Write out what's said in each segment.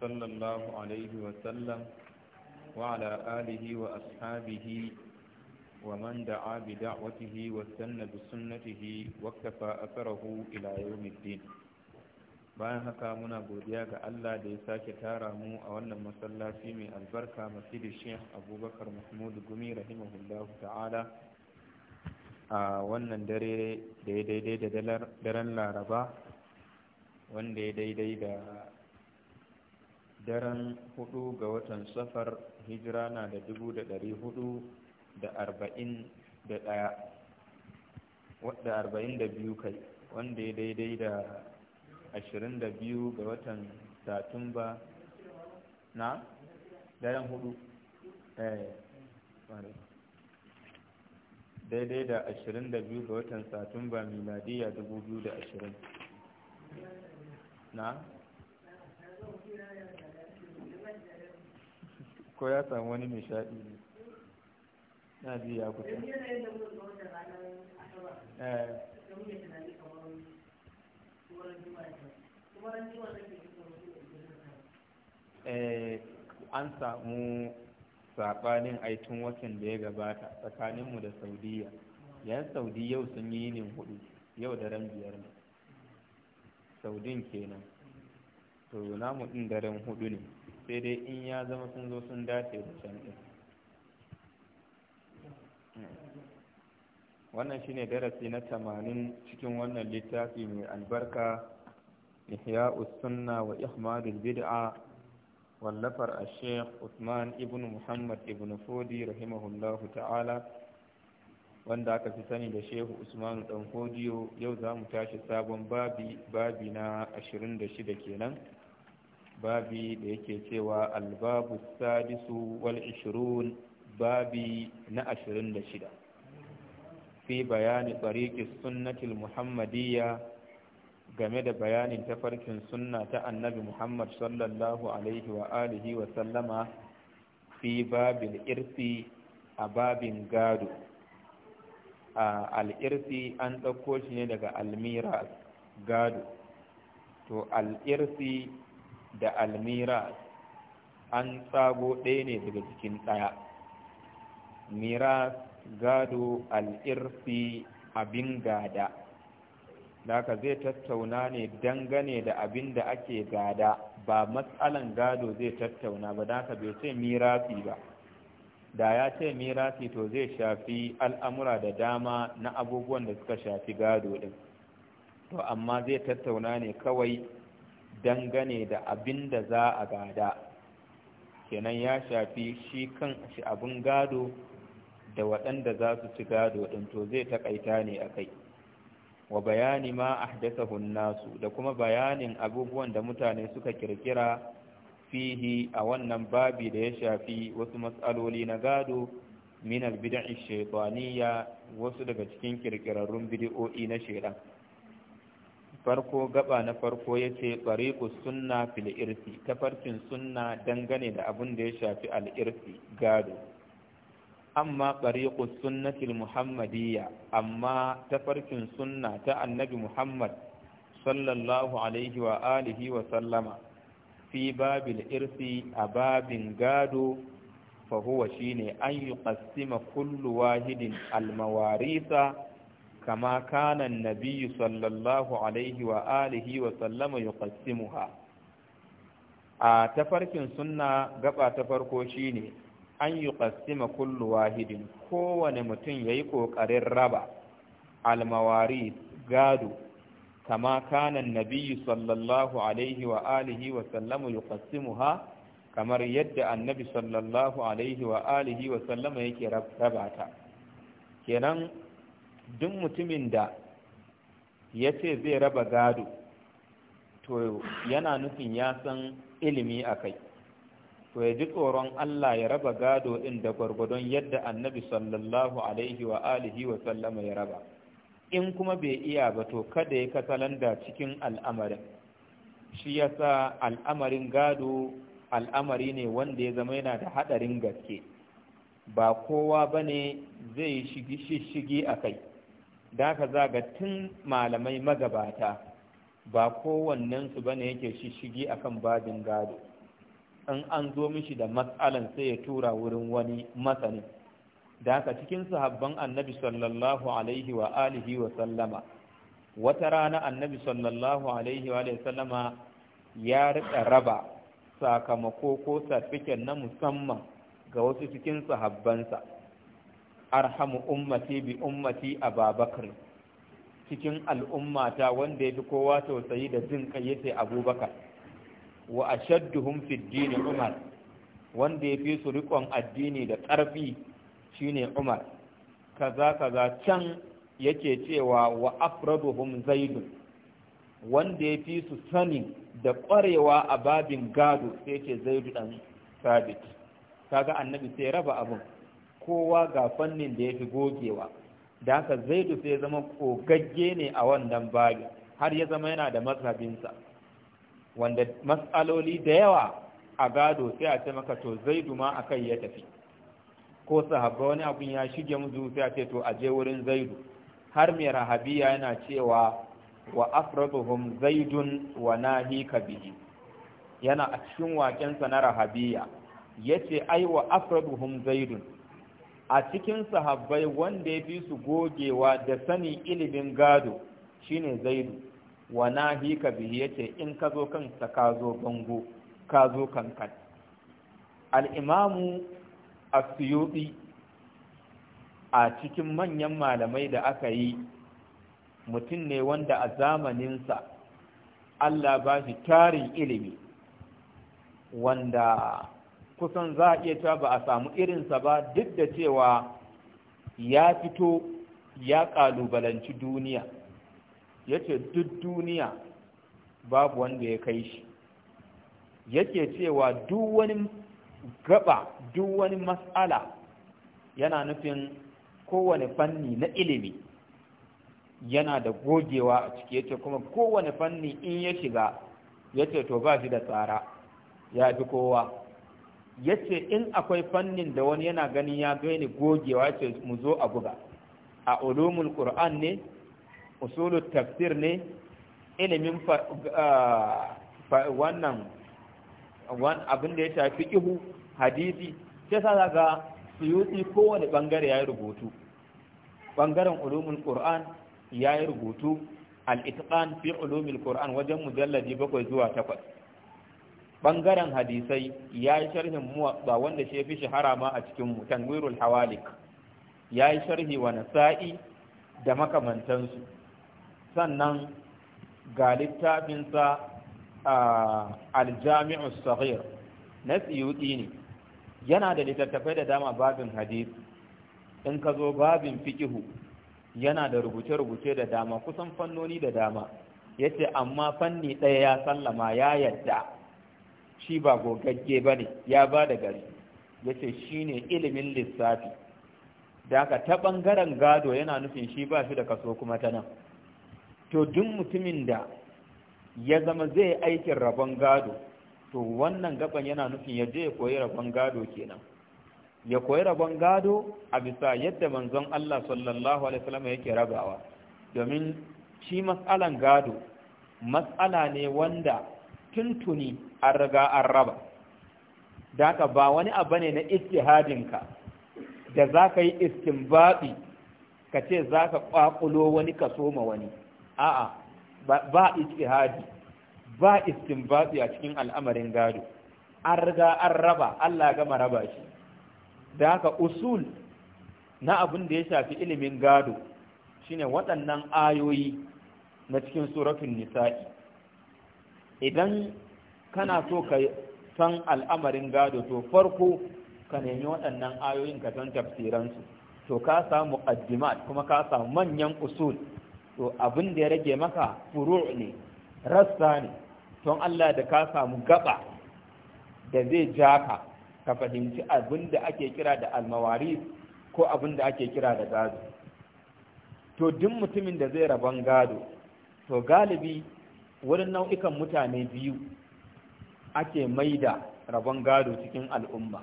صلى الله عليه وسلم وعلى آله وأصحابه ومن دعا بدعوته واستنى بسنته واكتفى أثره إلى يوم الدين bayan haka muna godiya ga Allah da ya sake tara mu a wannan masallaci mai albarka masjidin Sheikh Abubakar Mahmud Gumi rahimahullahu ta'ala a wannan dare da ya daidai da daren Laraba wanda ya daidai da daren hudu ga watan safar hijira na da dubu da dari hudu da arba'in da daya wadda arba'in da biyu kai wanda ya daidai da ashirin da biyu ga watan satumba na daren hudu eh, daidai da ashirin da biyu ga watan satumba miladiyya dubu biyu da ashirin na ko ya samu wani nishaɗi ne na ji ya kusa eh. eh, an samu saɓanin aitun watan da ya gabata tsakaninmu da saudiya yan saudi yau sun yi yinin hudu yau da ran biyar ne saudin kenan to namu ɗin daren hudu ne sai dai in ya zama sun zo sun dace da can ɗin wannan shine darasi na tamanin cikin wannan littafi mai albarka ihya sunna wa ihmadul bid'a wallafar a sheikh usman ibn muhammad ibn fodi rahimahullahu ta'ala wanda aka fi sani da shehu Usman dan hodiyo yau za mu tashi sabon babi babi na shida kenan babi da yake cewa albabu sadisu wal ishirun babi na ashirin da shida fi bayani tsariki sunnatil muhammadiyya game da bayanin tafarkin sunna ta annabi muhammad sallallahu alaihi wa alihi wa sallama fi babin irsi a babin gado al'irsi an ɗauko shi ne daga almira gado to al'irsi da almira an tsago ɗaya ne daga cikin ɗaya miras gado al'irfi, abin gada ka zai tattauna ne dangane da abin da ake gada ba matsalan gado zai tattauna ba da bai ce mirasi ba da ya ce mirasi to zai shafi al'amura da dama na abubuwan da suka shafi gado ɗin to amma zai tattauna ne kawai dangane da abin da za a gada kenan ya shafi shi kan shi abin gado da waɗanda za su ci gado ɗin to zai taƙaita ne a kai wa bayani ma ahdathahu nasu da kuma bayanin abubuwan da mutane suka kirkira fihi a wannan babi da ya shafi wasu matsaloli na gado min albid'i shekwaniya wasu daga cikin kirkirarrun bidi'o'i na shekwaniya farko gaba na farko ya ce tsariƙus sunna fil irsi tafarkin sunna dangane da abin da ya shafi al'irsi gado amma sunna sunnatil muhammadiyya amma tafarkin sunna ta annabi muhammad sallallahu alaihi wa alihi wa sallama fi babil irsi a babin gado fahuwa shine an yi kullu wahidin almawarisa كما كان النبي صلى الله عليه وآله وسلم يقسمها a tafarkin sunna gaba ta farko shine an yi ƙasima kullu wahidin kowane mutum ya yi ƙoƙarin raba almawari gado kama kanan Nabiyu sallallahu alaihi wa alihi wa sallamu yuqassimuha kamar yadda annabi sallallahu alaihi wa alihi wa sallama yake raba ta kenan duk mutumin da ya ce zai raba gado to yana nufin ya san ilimi a kai to ya ji tsoron Allah ya raba gado ɗin da gwargwadon yadda annabi sallallahu alaihi wa alihi wa sallama ya raba in kuma bai iya ba to kada ya kasalanda cikin al'amarin shi ya sa al'amarin gado al'amari ne wanda ya zama yana da haɗarin gaske ba kowa ba ne zai shigi shishigi a kai da ka zaga tun malamai magabata ba kowannensu ba ne yake shishigi kan babin gado in an zo mishi da matsalan sai ya tura wurin wani masani. da haka cikin sahabban annabi sallallahu alaihi wa alihi wa sallama wata rana annabi sallallahu alaihi wa sallama ya rika raba sakamako ko sarfikin na musamman ga wasu cikin sahabbansa arhamu ummati bi ummati ababakar cikin al'ummata wanda ya fi kowa tausayi da jin kai yace abubakar wa ashadduhum fi dini umar wanda ya fi su riƙon addini da ƙarfi shine umar kaza kaza can yake cewa wa afraduhum Zaidu, wanda ya fi su sani da ƙwarewa a babin gado sai ce zaidu ɗan sabit kaga annabi sai raba abun. kowa ga fannin da ya fi gogewa da haka zaidu sai ya zama kogagge ne a wannan bagi har ya zama yana da mazhabinsa wanda matsaloli da yawa a gado sai a ce maka to zaidu ma a kai ya tafi ko sahabba wani abin ya shige musu sai a ce to a je wurin zaidu har mai rahabiya yana cewa wa zai zaidun wa nahika bihi yana a cikin wakensa na rahabiya Ya ce ai wa zai zaidun a cikin sahabbai wanda ya fi su gogewa da sani ilimin gado shine zaidu wa nahi ka bihi yace in ka zo kansa ka zo bango ka zo kankan al a as a cikin manyan malamai da aka yi mutum ne wanda a zamaninsa Allah ba shi tarin ilimi wanda kusan za a iya cewa ba a samu irinsa ba duk da cewa ya fito ya ƙalubalanci duniya ya ce duk duniya babu wanda ya kai shi yake cewa duk wani gaba duk wani matsala yana nufin kowane fanni na ilimi yana da gogewa a ciki yace kuma kowane fanni in ya shiga yace to ba shi da tsara ya fi kowa ya ce in akwai fannin da wani yana ganin ya gani gogewa ce mu zo a guga. a ulumul qur'an ne usulul tafsir ne ilimin ah, wannan abin da ya shafi ihu hadisi sai sa ga suyuti kowane bangare ya rubutu bangaren ulumul qur'an ya rubutu al-itqan fi ulumul qur'an wajen mujalladi bakwai zuwa takwas bangaren hadisai ya yi sharhin muwatsa wanda shi fi shahara ma a cikin mu tanwirul hawalik ya yi sharhi wa nasa'i da makamantansu sannan ga littafinsa aljami'u sahir na tsiyuɗi ne yana da littattafai da dama babin hadis in ka zo babin fikihu yana da rubuce-rubuce da dama kusan fannoni da dama yace amma fanni ɗaya ya sallama ya yadda shi ba gogagge ba ne ya ba da gari ya ce shi ne ilimin lissafi da aka ta ɓangaren gado yana nufin shi ba shi da kaso kuma ta nan to duk mutumin da ya zama zai aikin rabon gado to wannan gaban yana nufin ya je ya koyi rabon gado kenan ya koyi rabon gado a bisa yadda manzon Allah sallallahu alaihi wasallam yake rabawa domin shi mas'alan gado matsala ne wanda tuntuni an riga an raba da ka ba wani abu ne na istihadinka da za ka yi istinbabi ka ce za ka ƙwaƙulo wani ka soma wani a'a ba istihadi ba istinbabi a cikin al'amarin gado an riga an raba Allah gama raba shi da haka usul na abin da ya shafi ilimin gado shine waɗannan ayoyi na cikin surafin nisa'i idan kana so ka san al'amarin gado to farko ka nemi waɗannan ayoyin ka san tafsiransu to ka samu addimat kuma ka samu manyan usul to abin da ya rage maka furu ne rassa ne don Allah da ka samu gaba da zai ja ka ka fahimci abin da ake kira da almawari ko abin da ake kira da gado to duk mutumin da zai rabon gado to galibi wurin nau'ikan mutane biyu ake maida rabon gado cikin al'umma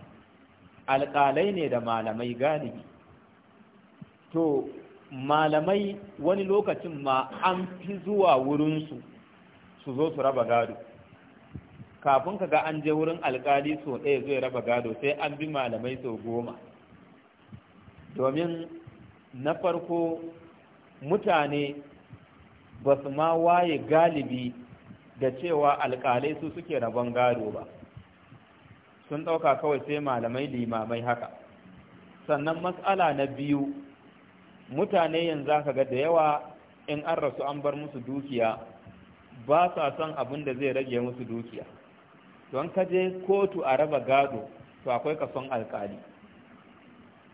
alƙalai ne da malamai galibi to malamai wani lokacin ma an fi zuwa wurinsu su zo su raba gado kafin ka ga an je wurin alkali so ɗaya zai raba gado sai an bi malamai sau goma domin na farko mutane ba su ma waye galibi da cewa alƙalai su suke rabon gado ba sun ɗauka kawai sai malamai limamai haka sannan matsala na biyu mutane yanzu aka ga da yawa in an rasu an bar musu dukiya ba sa son abin da zai rage musu dukiya don ka je kotu a raba gado to akwai kason alkali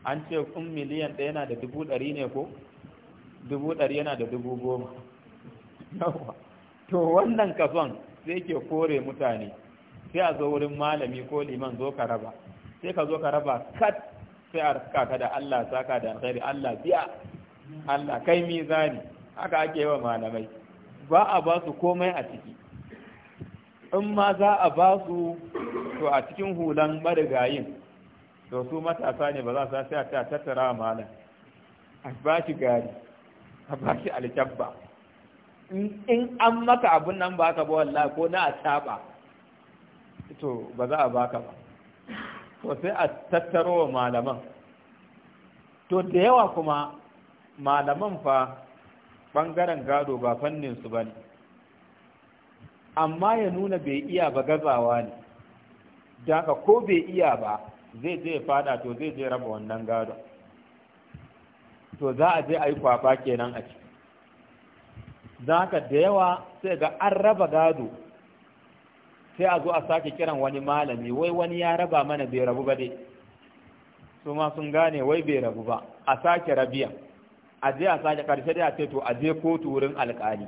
an ce kun miliyan ɗaya yana da dubu ɗari ne ko dubu ɗari yana da dubu goma yawa to wannan kafan sai ke kore mutane sai a zo wurin malami ko liman zo ka raba sai ka zo ka raba kat sai a raka ka da Allah saka da alkhairi Allah biya Allah kai mizani haka ake wa malamai ba a ba su komai a ciki in ma za a ba su to a cikin hulan marigayin to su matasa ne ba za su sai a tattara malam a ba shi gari a ba shi alkyabba in an maka abun nan ba ka ba wallahi ko na a taba to ba za a baka ba to sai a tattaro wa malaman to da yawa kuma malaman fa ɓangaren gado ba fannin su ba ne amma ya nuna bai iya ba gazawa ne da ko bai iya ba zai je fada to zai je raba wannan gado to za a je a yi kwaba kenan a ciki don haka da yawa sai ga an raba gado sai a zo a sake kiran wani malami wai wani ya raba mana bai rabu ba dai su ma sun gane wai bai rabu ba a sake rabiya a je a sake karshe da ce to a je kotu wurin alkali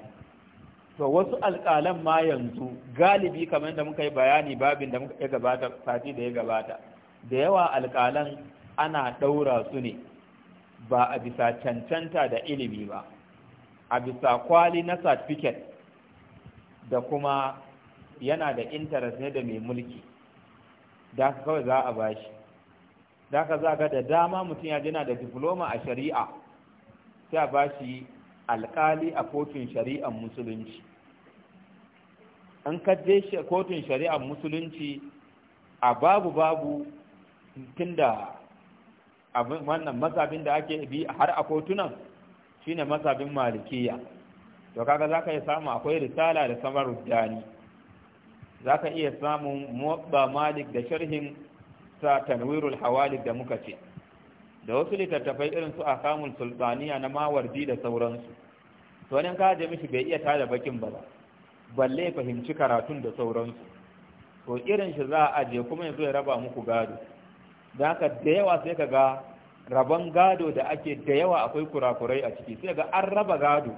to wasu alkalan ma yanzu galibi kamar da muka yi bayani babin da muka ya gabata sati da ya gabata da yawa alkalan ana ɗaura su ne ba a bisa cancanta da ilimi ba a bisa kwali na satifiket da kuma yana da interest ne da mai mulki da kawai za a bashi da ka za ga da dama mutum ya jina da diploma a shari'a sai a bashi alkali a kotun shari'ar musulunci an kaje kotun shari'ar musulunci a babu babu tunda wannan mazabin da ake bi har a kotunan Shi shine masabin malikiya to kaga zaka iya samu akwai risala da samar Za ka iya samun muwabba malik da sharhin sa tanwirul hawalik da muka ce da wasu littattafai irin su a samun sultaniya na mawardi da sauransu to wani ka je mishi bai iya tada bakin ba balle fahimci karatun da sauransu to irin shi za a aje kuma yanzu ya raba muku gado da haka da yawa sai ka ga rabon gado da ake da yawa akwai kurakurai a ciki sai ga an raba gado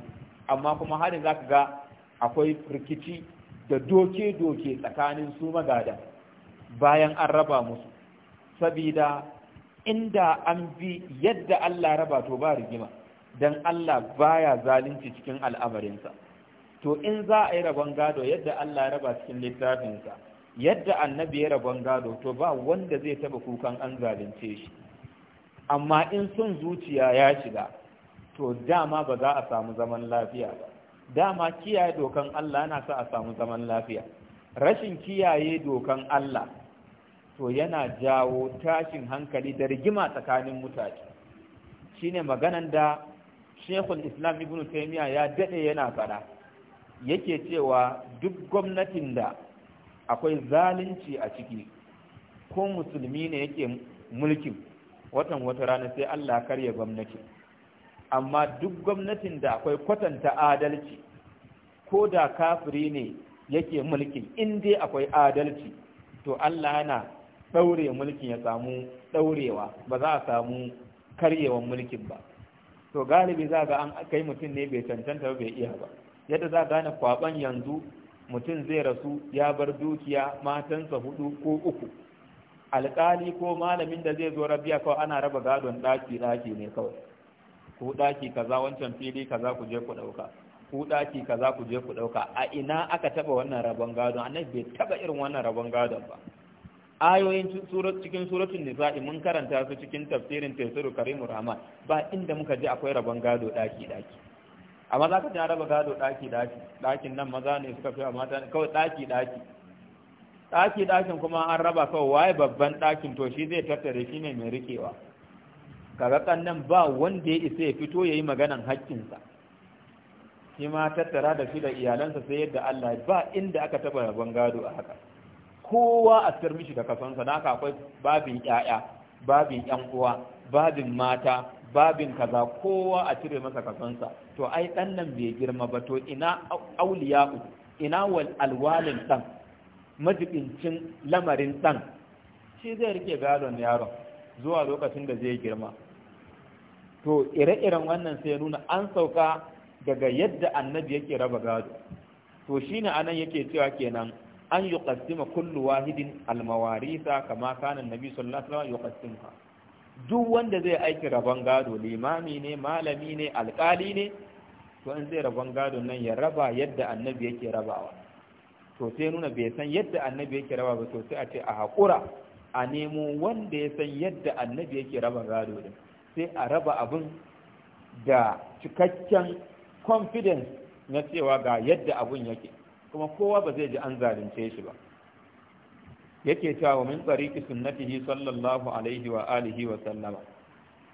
amma kuma harin za ka ga akwai rikici da doke-doke tsakanin su magada bayan an raba musu sabida inda an bi yadda Allah raba to ba rigima don Allah baya zalunci cikin al'amarinsa to in za a yi rabon gado yadda Allah raba cikin littafinsa yadda annabi ya rabon gado to ba wanda zai taba kukan an zalunce shi amma in sun zuciya ya shiga to dama ba za a samu zaman lafiya ba dama kiyaye dokan Allah yana sa a samu zaman lafiya rashin kiyaye dokan Allah to yana jawo tashin hankali da rigima tsakanin mutane shine maganan da Sheikhul Islam Ibn Taymiyyah ya dade yana fara yake cewa duk gwamnatin da akwai zalunci a ciki ko musulmi ne yake mulkin watan wata rana sai Allah karya gwamnati amma duk gwamnatin da akwai kwatanta adalci ko da kafiri ne yake mulki in dai akwai adalci to Allah yana ɗaure mulkin ya samu ɗaurewa ba za a samu karyewan mulkin ba to galibi za ga an kai mutum ne bai cancanta ba bai iya ba yadda za gane kwaban yanzu mutum zai rasu ya bar dukiya matansa hudu ko uku alƙali ko malamin da zai zo rabiya kawai ana raba gadon ɗaki ɗaki ne kawai ku ɗaki kaza wancan fili kaza ku je ku ɗauka ku ɗaki kaza ku je ku ɗauka a ina aka taɓa wannan rabon gadon annabi bai taɓa irin wannan rabon gadon ba ayoyin cikin suratun nisa'i mun karanta su cikin tafsirin tafsiru karimu rahman ba inda muka ji akwai rabon gado ɗaki ɗaki. amma za ka ji raba gado ɗaki ɗaki, ɗakin nan maza ne suka fi a mata kawai ɗaki ɗaki. ɗaki ɗakin kuma an raba kawai waye babban ɗakin to shi zai tattare shi ne mai rikewa kaga kannan ba wanda ya isa ya fito ya yi maganan haƙƙinsa shi ma tattara da shi da iyalansa sai yadda Allah ba inda aka taɓa rabon gado a haka kowa a sir mishi da kasansa na akwai babin ƴaƴa babin ƴan uwa babin mata babin kaza kowa a cire masa kasansa to ai ɗan nan bai girma ba to ina auliya ina wal alwalin ɗan majibincin lamarin ɗan shi zai rike gadon yaron zuwa lokacin da zai girma to ire-iren wannan sai nuna an sauka daga yadda annabi yake raba gado to shine anan yake cewa kenan an yuqassima kullu wahidin almawarisa kama kana annabi sallallahu alaihi wasallam duk wanda zai aiki rabon gado limami ne malami ne alkali ne to in zai rabon gado nan ya raba yadda annabi yake rabawa to sai nuna bai san yadda annabi yake raba ba to sai a ce a haƙura a nemo wanda ya san yadda annabi yake raba gado din sai a raba abun da cikakken confidence na cewa ga yadda abun yake kuma kowa ba zai ji an zalunce shi ba yake cewa min tsariki sunnatihi sallallahu alaihi wa alihi wa sallama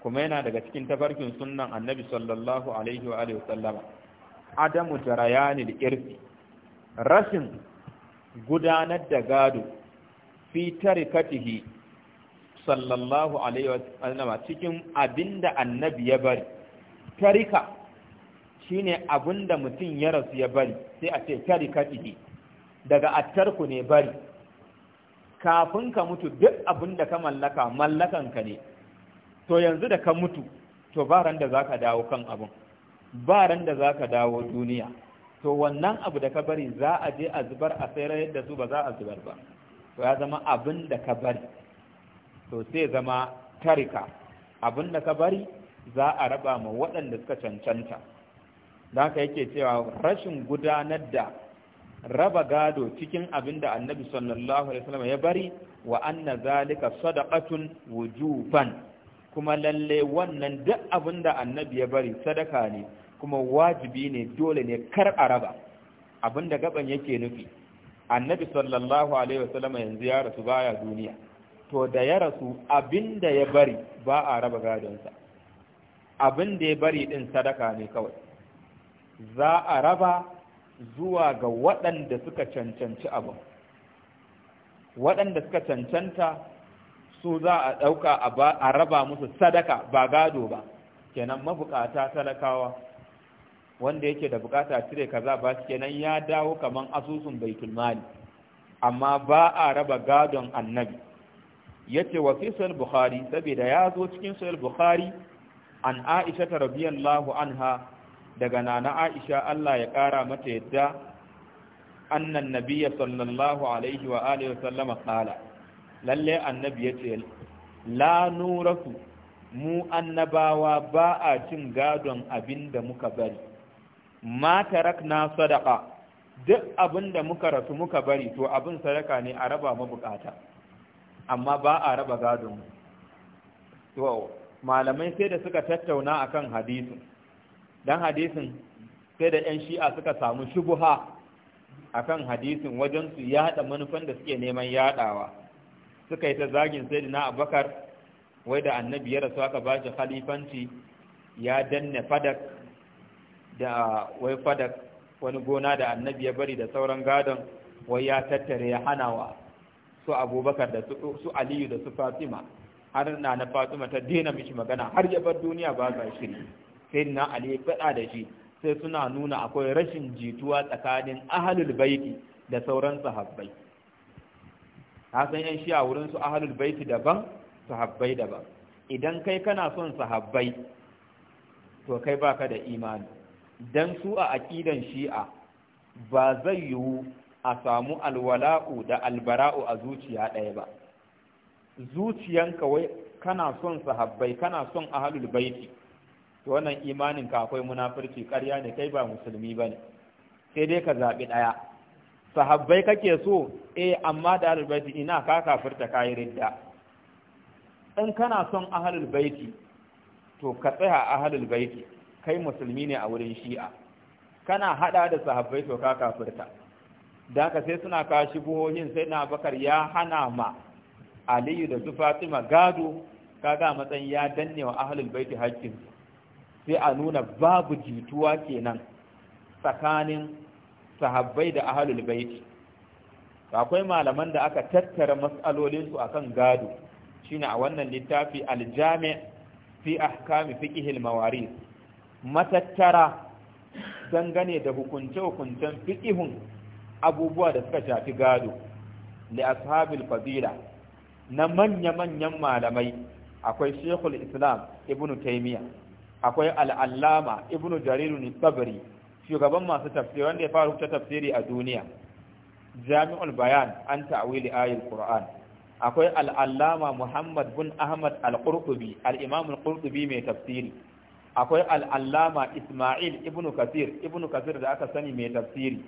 kuma yana daga cikin tafarkin sunnan annabi sallallahu alaihi wa alihi wa sallama adamu da irfi rashin gudanar da gado fi tarikatihi sallallahu alaihi wasallama cikin abinda annabi ya bari tarika shine abinda mutum ya rasu ya bari sai a ce tarikatihi daga attarku ne bari kafin ka mutu duk abinda ka mallaka mallakanka ne to yanzu da ka mutu to ba ran da zaka dawo kan abin ba ran da zaka dawo duniya to wannan abu da ka bari za a je a zubar a sai rayar da su ba za a zubar ba to ya zama abin da ka bari to sai zama tarika abin da ka bari za a raba ma waɗanda suka cancanta da haka yake cewa rashin gudanar da raba gado cikin abin da annabi sallallahu alaihi wasallam ya bari wa anna zalika sadaqatun wujuban kuma lalle wannan duk abin da annabi ya bari sadaka ne kuma wajibi ne dole ne kar a raba abinda gaban yake nufi annabi sallallahu alaihi wasallam yanzu ya rasu baya duniya to da ya rasu abinda ya bari ba a raba gadonsa abinda ya bari din sadaka ne kawai za a raba zuwa ga waɗanda suka cancanci abin waɗanda suka cancanta su za a ɗauka a raba musu sadaka ba gado ba kenan mabukata talakawa wanda yake da bukata cire kaza ba su kenan ya dawo kaman asusun baitul mali amma ba a raba gadon annabi yace wa fi sahih bukhari saboda ya zo cikin sahih bukhari an aisha ta radiyallahu anha daga nana aisha Allah ya kara mata yadda annan nabiyya sallallahu alaihi wa alihi wa sallama qala lalle annabi yace la nurasu mu annabawa ba a cin gadon abin da muka bari ma tarakna sadaqa duk abin da muka rasu muka bari to abin sadaka ne a raba mabukata amma ba a raba gadon mu to malamai sai da suka tattauna akan hadisin dan hadisin sai da 'yan shi'a suka samu shubuha akan hadisin wajen su yada manufan da suke neman yadawa suka yi ta zagin sayyidina abubakar wai da annabi ya rasu aka ba shi khalifanci ya danne fadak da wai fadak wani gona da annabi ya bari da sauran gadon wai ya tattare ya hanawa su abubakar da su aliyu da su fatima har na na fatima ta daina mishi magana har ya bar duniya ba za shiri sai na ali faɗa da shi sai suna nuna akwai rashin jituwa tsakanin ahalul baiti da sauran sahabbai san yan shi a wurin su ahalul baiti daban sahabbai daban idan kai kana son sahabbai to kai baka da imani dan su a aqidan shi'a ba zai yiwu a samu alwala'u da albara'u a zuciya ɗaya ba zuciyanka wai kana son sahabbai kana son ahlul baiti to wannan imanin ka akwai munafurci ƙarya ne kai ba musulmi bane sai dai ka zabi ɗaya sahabbai kake so eh amma da ahlul baiti ina ka kafirta kai ridda in kana son ahlul baiti to ka tsaya ahlul baiti kai musulmi ne a wurin shi'a kana hada da sahabbai to ka kafirta da ka sai suna kashi shigohin sai na bakar ya hana ma aliyu da su fatima gado kaga matsayin ya danne wa ahlul baiti hakkin sai a nuna babu jituwa kenan tsakanin sahabbai da ahlul baiti akwai malaman da aka tattara mas'alolin su akan gado shine a wannan littafi al-jami' fi ahkami al-mawarith matattara dangane da hukunce-hukuncen fiƙihun abubuwa da suka shafi gado da ashabil fadila na manya-manyan malamai akwai shekul islam Ibn taimiyya akwai al'allama ibnu jarirun sabri shugaban masu tafsiri wanda ya fara ta tafsiri a duniya jami'ul bayan an ta'awili ayil qur'an akwai al'allama muhammad bin ahmad al-qurtubi al-imam mai tafsiri akwai al'allama Ismail ibn kasir ibn kasir da aka sani mai tafsiri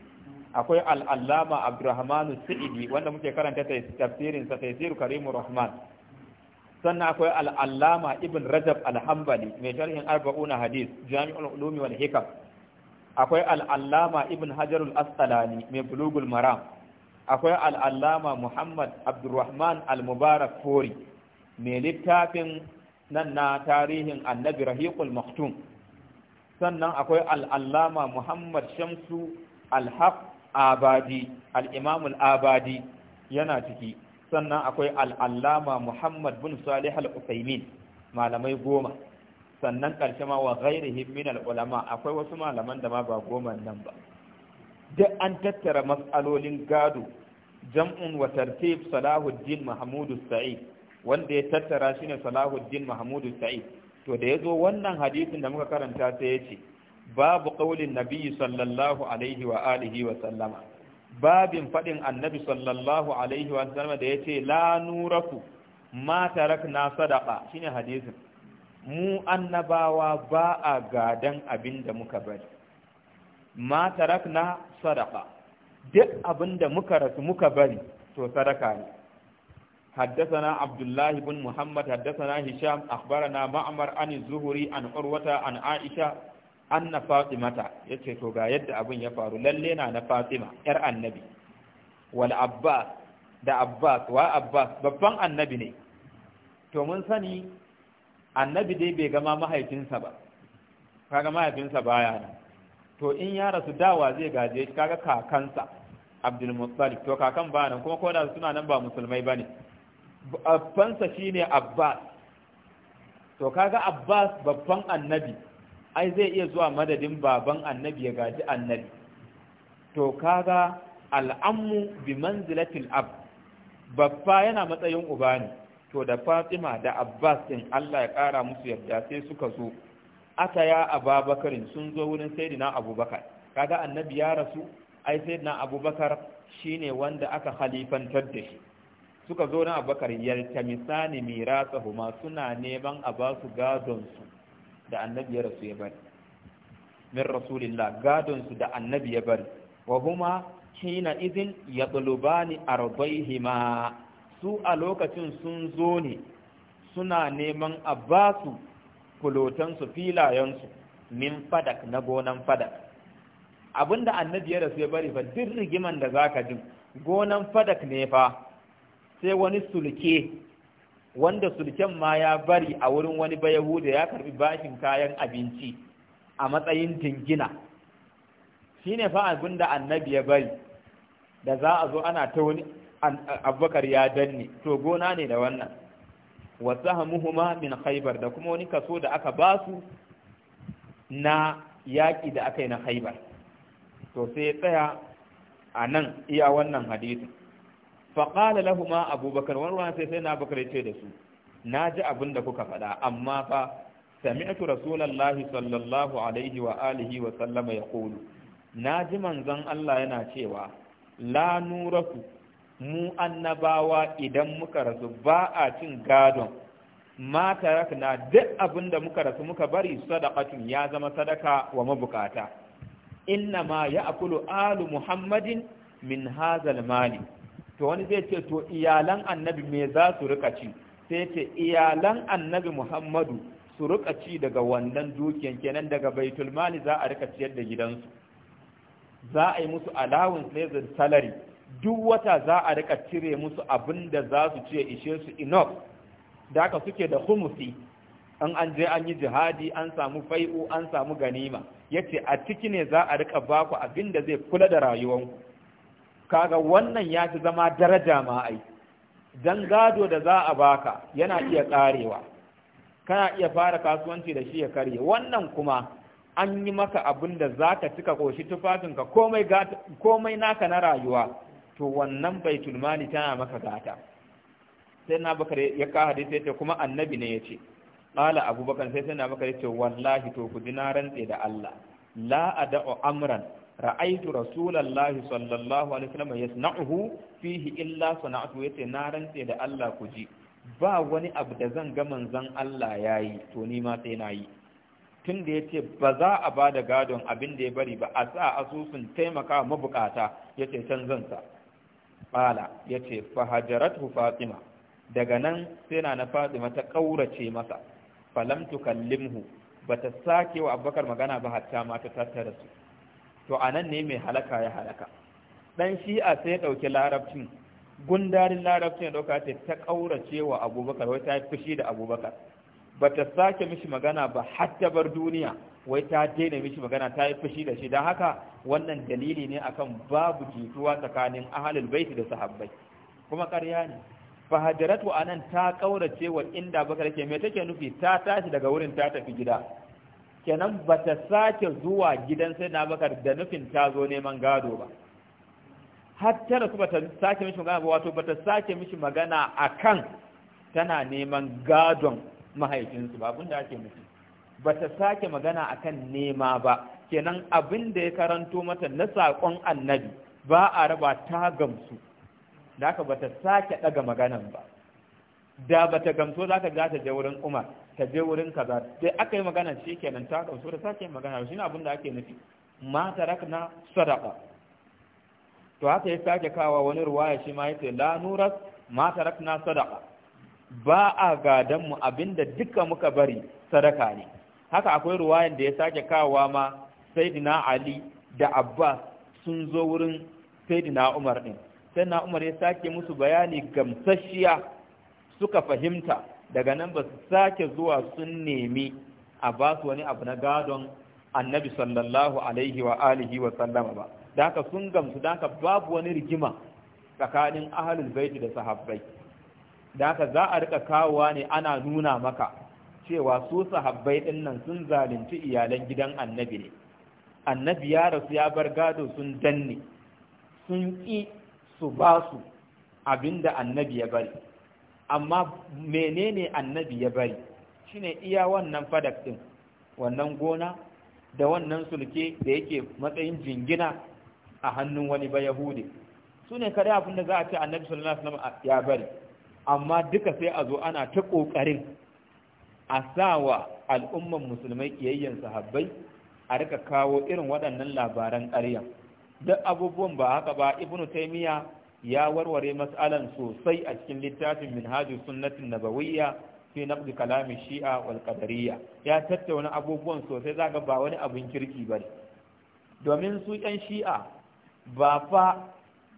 akwai al'allama Abdurrahman Sa'idi wanda muke karanta tafsirin sa tafsir Rahman sannan akwai al'allama ibn Rajab Alhambali mai sharhin arba'una hadis, Jami'ul Ulumi wal Hikam akwai al'allama ibn Hajarul al mai Bulugul Maram akwai al'allama Muhammad Abdurrahman al-Mubarak Fori mai littafin nan na tarihin annabi rahiqul maktum sannan akwai al'allama muhammad shamsu alhaq abadi Al'imamul-Abadi, yana ciki sannan akwai al'allama muhammad bin salih al'usaimin malamai goma sannan ƙarshe ma wa ghairihim min al'ulama akwai wasu malaman da ma ba goma nan ba duk an tattara matsalolin gado jam'un wa tartib salahuddin mahmudu sa'id wanda ya tattara shi ne Salahuddin Mahmudu Sa'id to da yazo wannan hadisin da muka karanta sai ya ce babu qaulin nabiyyi sallallahu alaihi wa alihi wa sallama babin fadin annabi sallallahu alaihi wa sallama da yace la nuraku ma tarakna sadaqa shine hadisin mu annabawa ba a gadan abin da muka bari ma tarakna sadaqa duk abin da muka rasu muka bari to sadaka ne حدثنا عبد الله بن محمد حدثنا هشام أخبرنا معمر عن الزهري عن عروة عن عائشة أن فاطمة يتي توغا na أبن يفارو للينا فاطمة ير النبي والعباس دا عباس وعباس ببان النبي ني to mun sani annabi dai bai gama mahaifinsa ba kaga mahaifinsa baya nan to in ya rasu dawa zai gaje kaga kakansa abdul muttalib to kakan ba nan kuma ko da suna nan ba musulmai bane babbansa shine abbas to kaga abbas babban annabi ai zai iya zuwa madadin baban annabi ya gaji annabi to kaga al'ammu bi manzilatil ab babba yana matsayin uba ne to da fatima da abbas din allah ya kara musu yadda sai suka zo aka ya Abubakar sun zo wurin sayyidina abubakar kaga annabi ya rasu ai sayyidina abubakar shine wanda aka khalifantar da shi suka zo na abubakar yalta misani mirasa huma suna neman a ba su gadonsu da annabi ya rasu ya bari min rasulillah gadonsu da annabi ya bari wa huma kina izin ya rabai arbaihima su a lokacin sun zo ne suna neman a ba su kulotansu filayensu min fadak na gonan fadak abinda annabi ya rasu ya bari fa duk rigiman da zaka jin gonan fadak ne fa sai wani sulke wanda sulken ma ya bari a wurin wani bayahuda ya karbi bashin kayan abinci a matsayin jingina shine fa abin da annabi ya bari da za a zo ana ta wani abubakar ya danne to gona ne da wannan wasahamuhuma min haibar da kuma wani kaso da aka ba su na yaƙi da aka yi na haibar to sai ya tsaya a nan iya wannan hadisin faƙala lahu ma abubakar wani ruwan sai sai na bakar ce da su na ji abin da kuka faɗa amma fa sami'atu rasulallahi sallallahu alaihi wa alihi wa sallama ya ƙulu na ji manzon Allah yana cewa la nuraku mu annabawa idan muka rasu ba a cin gadon ma na duk abin da muka rasu muka bari sadaqatun ya zama sadaka wa mabukata inna ma ya akulu alu muhammadin min hazal mali to wani zai ce to iyalan annabi me za su rika ci sai ce iyalan annabi muhammadu su rika ci daga wannan dukiyan kenan daga baitul mali za a rika ciyar da gidansu za a yi musu allowance ne salari? duk wata za a rika cire musu abin da za su ci ya ishe su enough da aka suke da humusi in an je an yi jihadi an samu fai'u an samu ganima yace a ciki ne za a rika baku abin da zai kula da rayuwanku kaga wannan ya fi zama daraja ma ai dan gado da za a baka yana iya karewa kana iya fara kasuwanci da shi ya karye wannan kuma an yi maka abin da za ka cika ƙoshi tufafinka komai naka na rayuwa to wannan bai tulmani tana maka gata sai na bakar ya ka hadisi ya ce kuma annabi ne ya ce ƙala abubakar sai sai na bakar ya ce wallahi to ku ji na rantse da Allah la ada'u amran ra'aitu rasulallahi sallallahu alaihi wasallam yasna'uhu fihi illa sana'atu yace na rantse da Allah ku ji ba wani abu da zan ga manzon Allah yayi to ni ma sai nayi tun da yace ba za a ba da gadon abin da ya bari ba a sa asusun taimaka mabukata yace can zan sa bala yace fa hajaratu fatima daga nan sai na na fatima ta kaurace masa falam tukallimhu bata sake wa abubakar magana ba hatta ma ta tattara su to a nan ne mai halaka ya halaka dan shi'a sai ya ɗauki larabcin gundarin larabcin ya ɗauka ta ta ƙaurace wa abubakar wai ta fushi da abubakar ba ta sake mishi magana ba har ta bar duniya wai ta daina mishi magana ta yi fushi da shi don haka wannan dalili ne akan babu jituwa tsakanin ahalul baiti da sahabbai kuma ƙarya ne fahadaratu anan ta ƙaurace wa inda bakar ke me take nufi ta tashi daga wurin ta tafi gida kenan ba ta sake zuwa gidan sai na bakar da nufin ta zo neman gado ba hatta da su ba ta sake mishi magana ba wato ba ta sake mishi magana a kan tana neman gadon mahaifinsu ba abin da ake nufi ba ta sake magana a kan nema ba kenan abin da ya karanto mata na saƙon annabi ba a raba ta gamsu da haka ba ta sake ɗaga maganan ba da ba ta gamso za ta za ta je wurin umar ta je wurin kaza sai aka yi magana shi kenan ta gamso da sake magana shi ne abin da ake nufi ma na sadaqa to haka ya sake kawa wani ruwaya shi ma yace la nuras ma tarakna sadaqa ba a gadan mu abinda duka muka bari sadaka ne haka akwai ruwayan da ya sake kawa ma sayyidina ali da abbas sun zo wurin sayyidina umar din sai na umar ya sake musu bayani gamsasshiya suka fahimta daga nan ba su sake zuwa sun nemi a ba su wani abu na gadon annabi sallallahu alaihi wa alihi wa sallama ba da haka sun gamsu da haka babu wani rigima tsakanin ahalul baiti da sahabbai da haka za a rika kawowa ne ana nuna maka cewa su sahabbai din nan sun zalunci iyalan gidan annabi ne annabi ya rasu ya bar gado sun danne sun ƙi su ba su abinda annabi ya bari amma menene annabi ya bari shine iya wannan fadak din wannan gona da wannan sulke da yake matsayin jingina a hannun wani ba yahudi su ne kare abin da za a ce annabi sallallahu alaihi wasallam ya bari amma duka sai a zo ana ta kokarin a sawa al'umman musulmai kiyayyen sahabbai a rika kawo irin waɗannan labaran ƙarya duk abubuwan ba haka ba ibnu taymiya ya warware mas'alan sosai a cikin littafin minhajus sunnatin nabawiyya fi naqd kalamin shi'a wal qadariyya ya tattauna abubuwan sosai zaga ba wani abin kirki bane domin su yan shi'a ba fa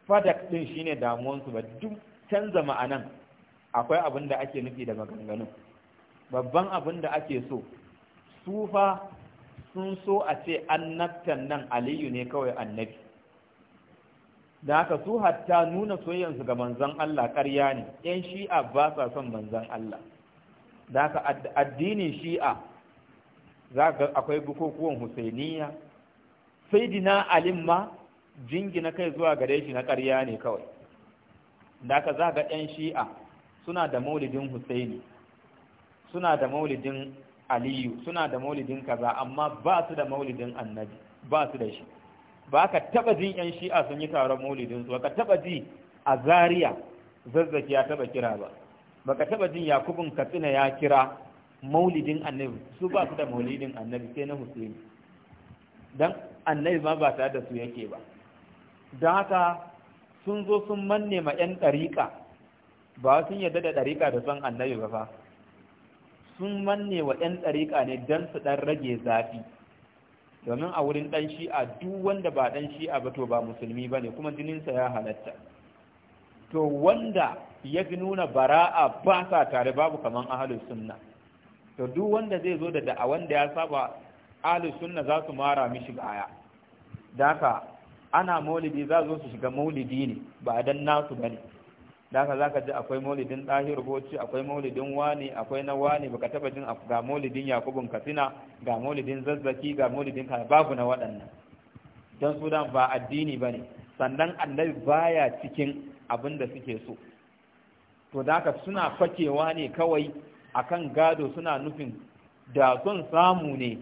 fadak din shine damuwansu ba duk canza ma'anan akwai abin da ake nufi da maganganun babban abin da ake so sufa sun so a ce annabtan nan aliyu ne kawai annabi da haka su hatta nuna soyayyansu ga manzon Allah ƙarya ne yan shi'a ba sa son manzon Allah da haka addinin shi'a za ga akwai bukukuwan husainiya sai dina alim ma jingina kai zuwa gare shi na ƙarya ne kawai da haka za ga yan shi'a suna da maulidin husaini suna da maulidin aliyu suna da maulidin kaza amma ba su da maulidin annabi ba su da shi ba ka taba jin yan shi'a sun yi taron maulidin su ba ka taba ji a zaria zazzaki ya taba kira ba ba ka taba jin yakubun katsina ya kira maulidin annabi su ba su da maulidin annabi sai na husaini dan annabi ma ba tare da su yake ba don haka sun zo sun manne ma 'yan ɗariƙa ba sun yarda da ɗariƙa da son annabi ba fa sun manne wa 'yan ɗariƙa ne don su ɗan rage zafi domin a wurin ɗan shi'a duk wanda ba ɗan shi'a ba to ba musulmi bane ne kuma jininsa ya halatta to wanda ya fi nuna bara'a ba sa tare babu kaman ahalus sunna to duk wanda zai zo da da'awan da ya saba ahalus sunna za su mara mishi baya da haka ana maulidi za zo su shiga maulidi ne ba dan nasu bane da haka zaka ji akwai maulidin ɗahir goci akwai maulidin wani akwai na wani baka taba jin ga maulidin yakubun katsina ga maulidin zazzaki ga maulidin kana babu na waɗannan don su ba addini ba ne sannan annabi baya cikin abin da suke so to da suna fakewa ne kawai akan gado suna nufin da son samu ne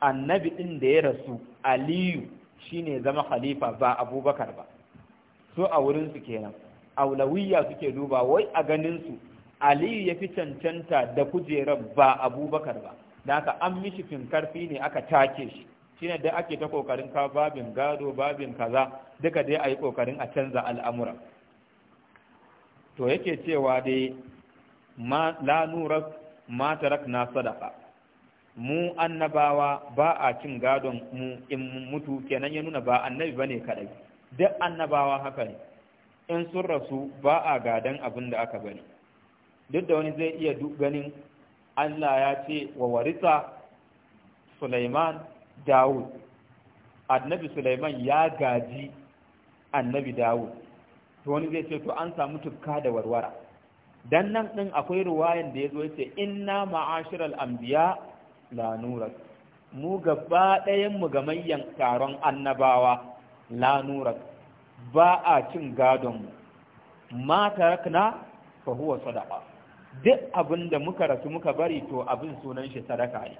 annabi ɗin da ya rasu aliyu shine zama khalifa ba abubakar ba so a wurinsu kenan aulawiya suke duba wai a ganin su aliyu ya fi cancanta da kujerar ba abubakar ba da aka an mishi fin karfi ne aka take shi shine da ake ta kokarin ka babin gado babin kaza duka dai a yi kokarin a canza al'amura to yake cewa dai ma la nurak ma tarakna sadaqa mu annabawa ba a cin gadon mu in mutu kenan ya nuna ba annabi bane kadai duk annabawa haka ne in sun rasu ba a gadon abin da aka bari duk da wani zai iya duk ganin Allah ya ce wa warisa Sulaiman Dawud annabi Sulaiman ya gaji annabi Dawud to wani zai ce to an samu tufka da warwara dan nan din akwai ruwayan da ya zo yace inna ma'ashirar anbiya la nurat mu gaba ɗayan mu ga gamayyan taron annabawa la nurat ba a cin gadonmu ma tarakna fa huwa sadaqa duk abin da muka rasu muka bari to abin sunan shi sadaka ne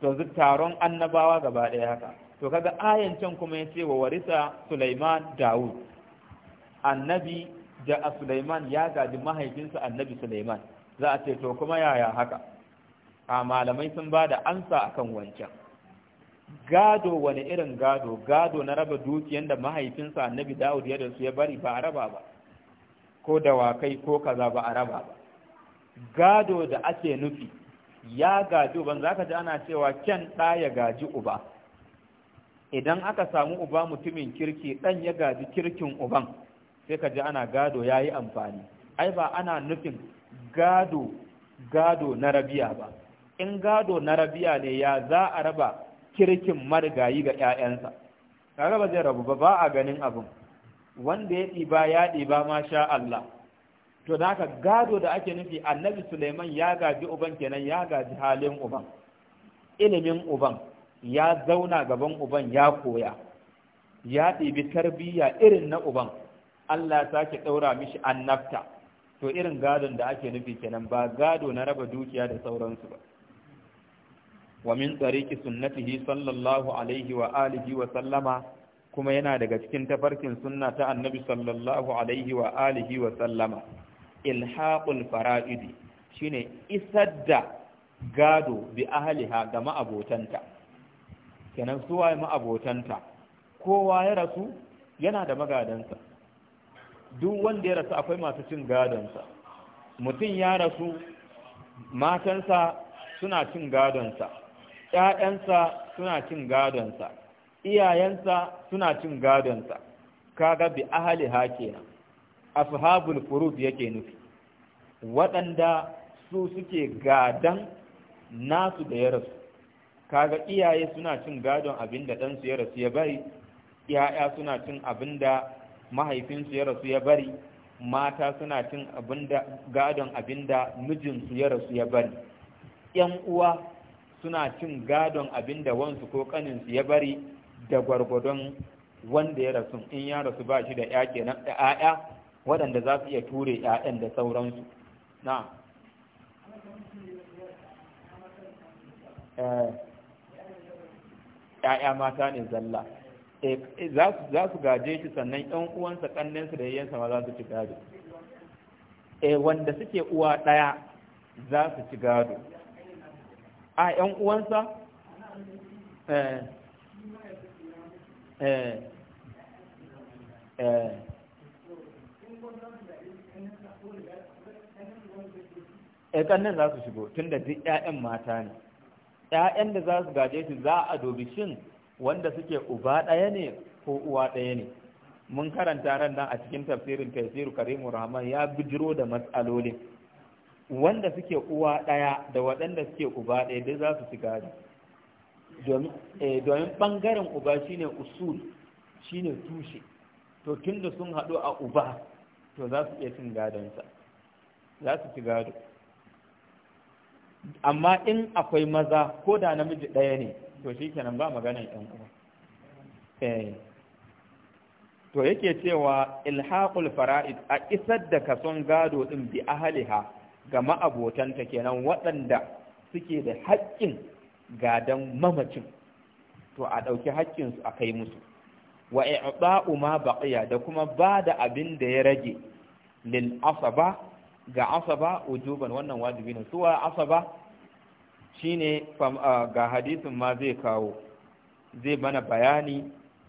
to taron annabawa gaba ɗaya haka to kaga ayan can kuma ya ce wa warisa Sulaiman Dawud annabi da Sulaiman ya gaji mahaifinsa annabi Sulaiman za a ce to kuma yaya haka a malamai sun ba da ansa akan wancan gado wani irin gado gado na raba dukiyan da mahaifinsa annabi Dawud ya su ya bari ba a raba ba ko dawakai ko kaza ba a raba ba gado da ake nufi ya gaji ban za ka ji ana cewa kyan ɗa ya gaji uba idan aka samu uba mutumin kirki ɗan ya gaji kirkin uban sai ka ji ana gado ya yi amfani ai ba ana nufin gado gado na rabiya ba in gado na rabiya ne ya za a raba kirkin marigayi ga 'ya'yansa kaga ba zai rabu ba ba a ganin abin wanda ya ɗiba ya ɗiba ma sha Allah to da haka gado da ake nufi annabi Suleiman ya gaji uban kenan ya gaji halin uban ilimin uban ya zauna gaban uban ya koya ya ɗibi tarbiyya irin na uban Allah ya sake ɗaura mishi annabta to irin gadon da ake nufi kenan ba gado na raba dukiya da sauransu ba wa min tsariki sunnatihi sallallahu alaihi wa alihi wa sallama kuma yana daga cikin tafarkin sunna ta annabi sallallahu alaihi wa alihi wa sallama ilhaqul fara'idi shine isar da gado bi ahliha ga ma'abotanta kenan suwaye ma'abotanta kowa ya rasu yana da magadansa duk wanda ya rasu akwai masu cin gadonsa mutum ya rasu matansa suna cin gadonsa ‘ya'yansa suna cin gadonsa, iyayensa suna cin gadonsa, kaga bi ahali A kenan, ashabul furud yake nufi, waɗanda su suke gadan nasu da ya rasu, kaga iyaye suna cin gadon abin da ɗansu ya rasu ya bari, ‘ya'ya suna cin abin da mahaifinsu ya rasu ya bari, mata suna cin gadon abin da mijinsu ya rasu ya bari. ‘Yan uwa suna cin gadon abin da wansu ko kaninsu ya bari da gwargwadon wanda ya rasu in ya rasu ba shi da ‘ya'ya waɗanda za su iya ture ‘ya'yan da sauransu na ‘ya'ya eh. mata ne zalla eh, za su gaje shi sannan ‘yan uwansa ƙannensu da yayyansa ma za su ci gado eh, wanda suke uwa ɗaya za su ci gado a ‘yan uwansa? eh eh eh, eh za su shigo tun da duk 'ya'yan mata ne 'ya'yan da za su gaje shi, za a dobi shin wanda suke uba ɗaya ne ko uwa ɗaya ne mun karanta ran nan a cikin tafsirin tafsiru karimu rahman ya bijiro da matsalolin wanda suke uwa ɗaya da waɗanda suke uba ɗaya dai za su ci gado eh, domin ɓangaren uba shine usul shine tushe to tun da sun haɗu a uba to za su iya cin gadonsa za su ci gado amma in akwai maza ko da namiji ɗaya ne to shi kenan ba maganan ɗan uwa eh. to yake cewa ilhaqul fara'id a isar da kason gado ɗin bi ahaliha ga ma'abotanta kenan waɗanda suke da haƙƙin gadan mamacin to a ɗauki haƙƙinsu a kai musu wa i'ba'u ma baƙiya da kuma ba da abin da ya rage lil asaba ga asaba wujuban wannan wajibi ne suwa asaba shine ga hadisin ma zai kawo zai bana bayani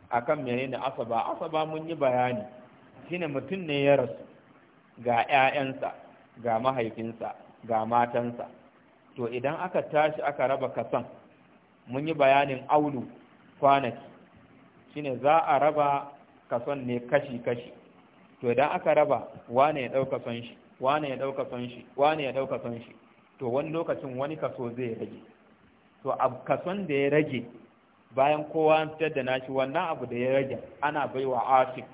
akan menene asaba asaba mun yi bayani shine mutum ne ya rasu ga 'ya'yansa ga mahaifinsa ga matansa to idan aka tashi aka raba kasan mun yi bayanin aulu kwanaki shine za a raba kason ne kashi-kashi to idan aka raba wane ya ɗauka son shi wane ya ɗauka son shi wane ya ɗauka son shi to wani lokacin wani kaso zai rage to a kason da ya rage bayan kowa fitar da nashi wannan abu da ya rage ana baiwa asik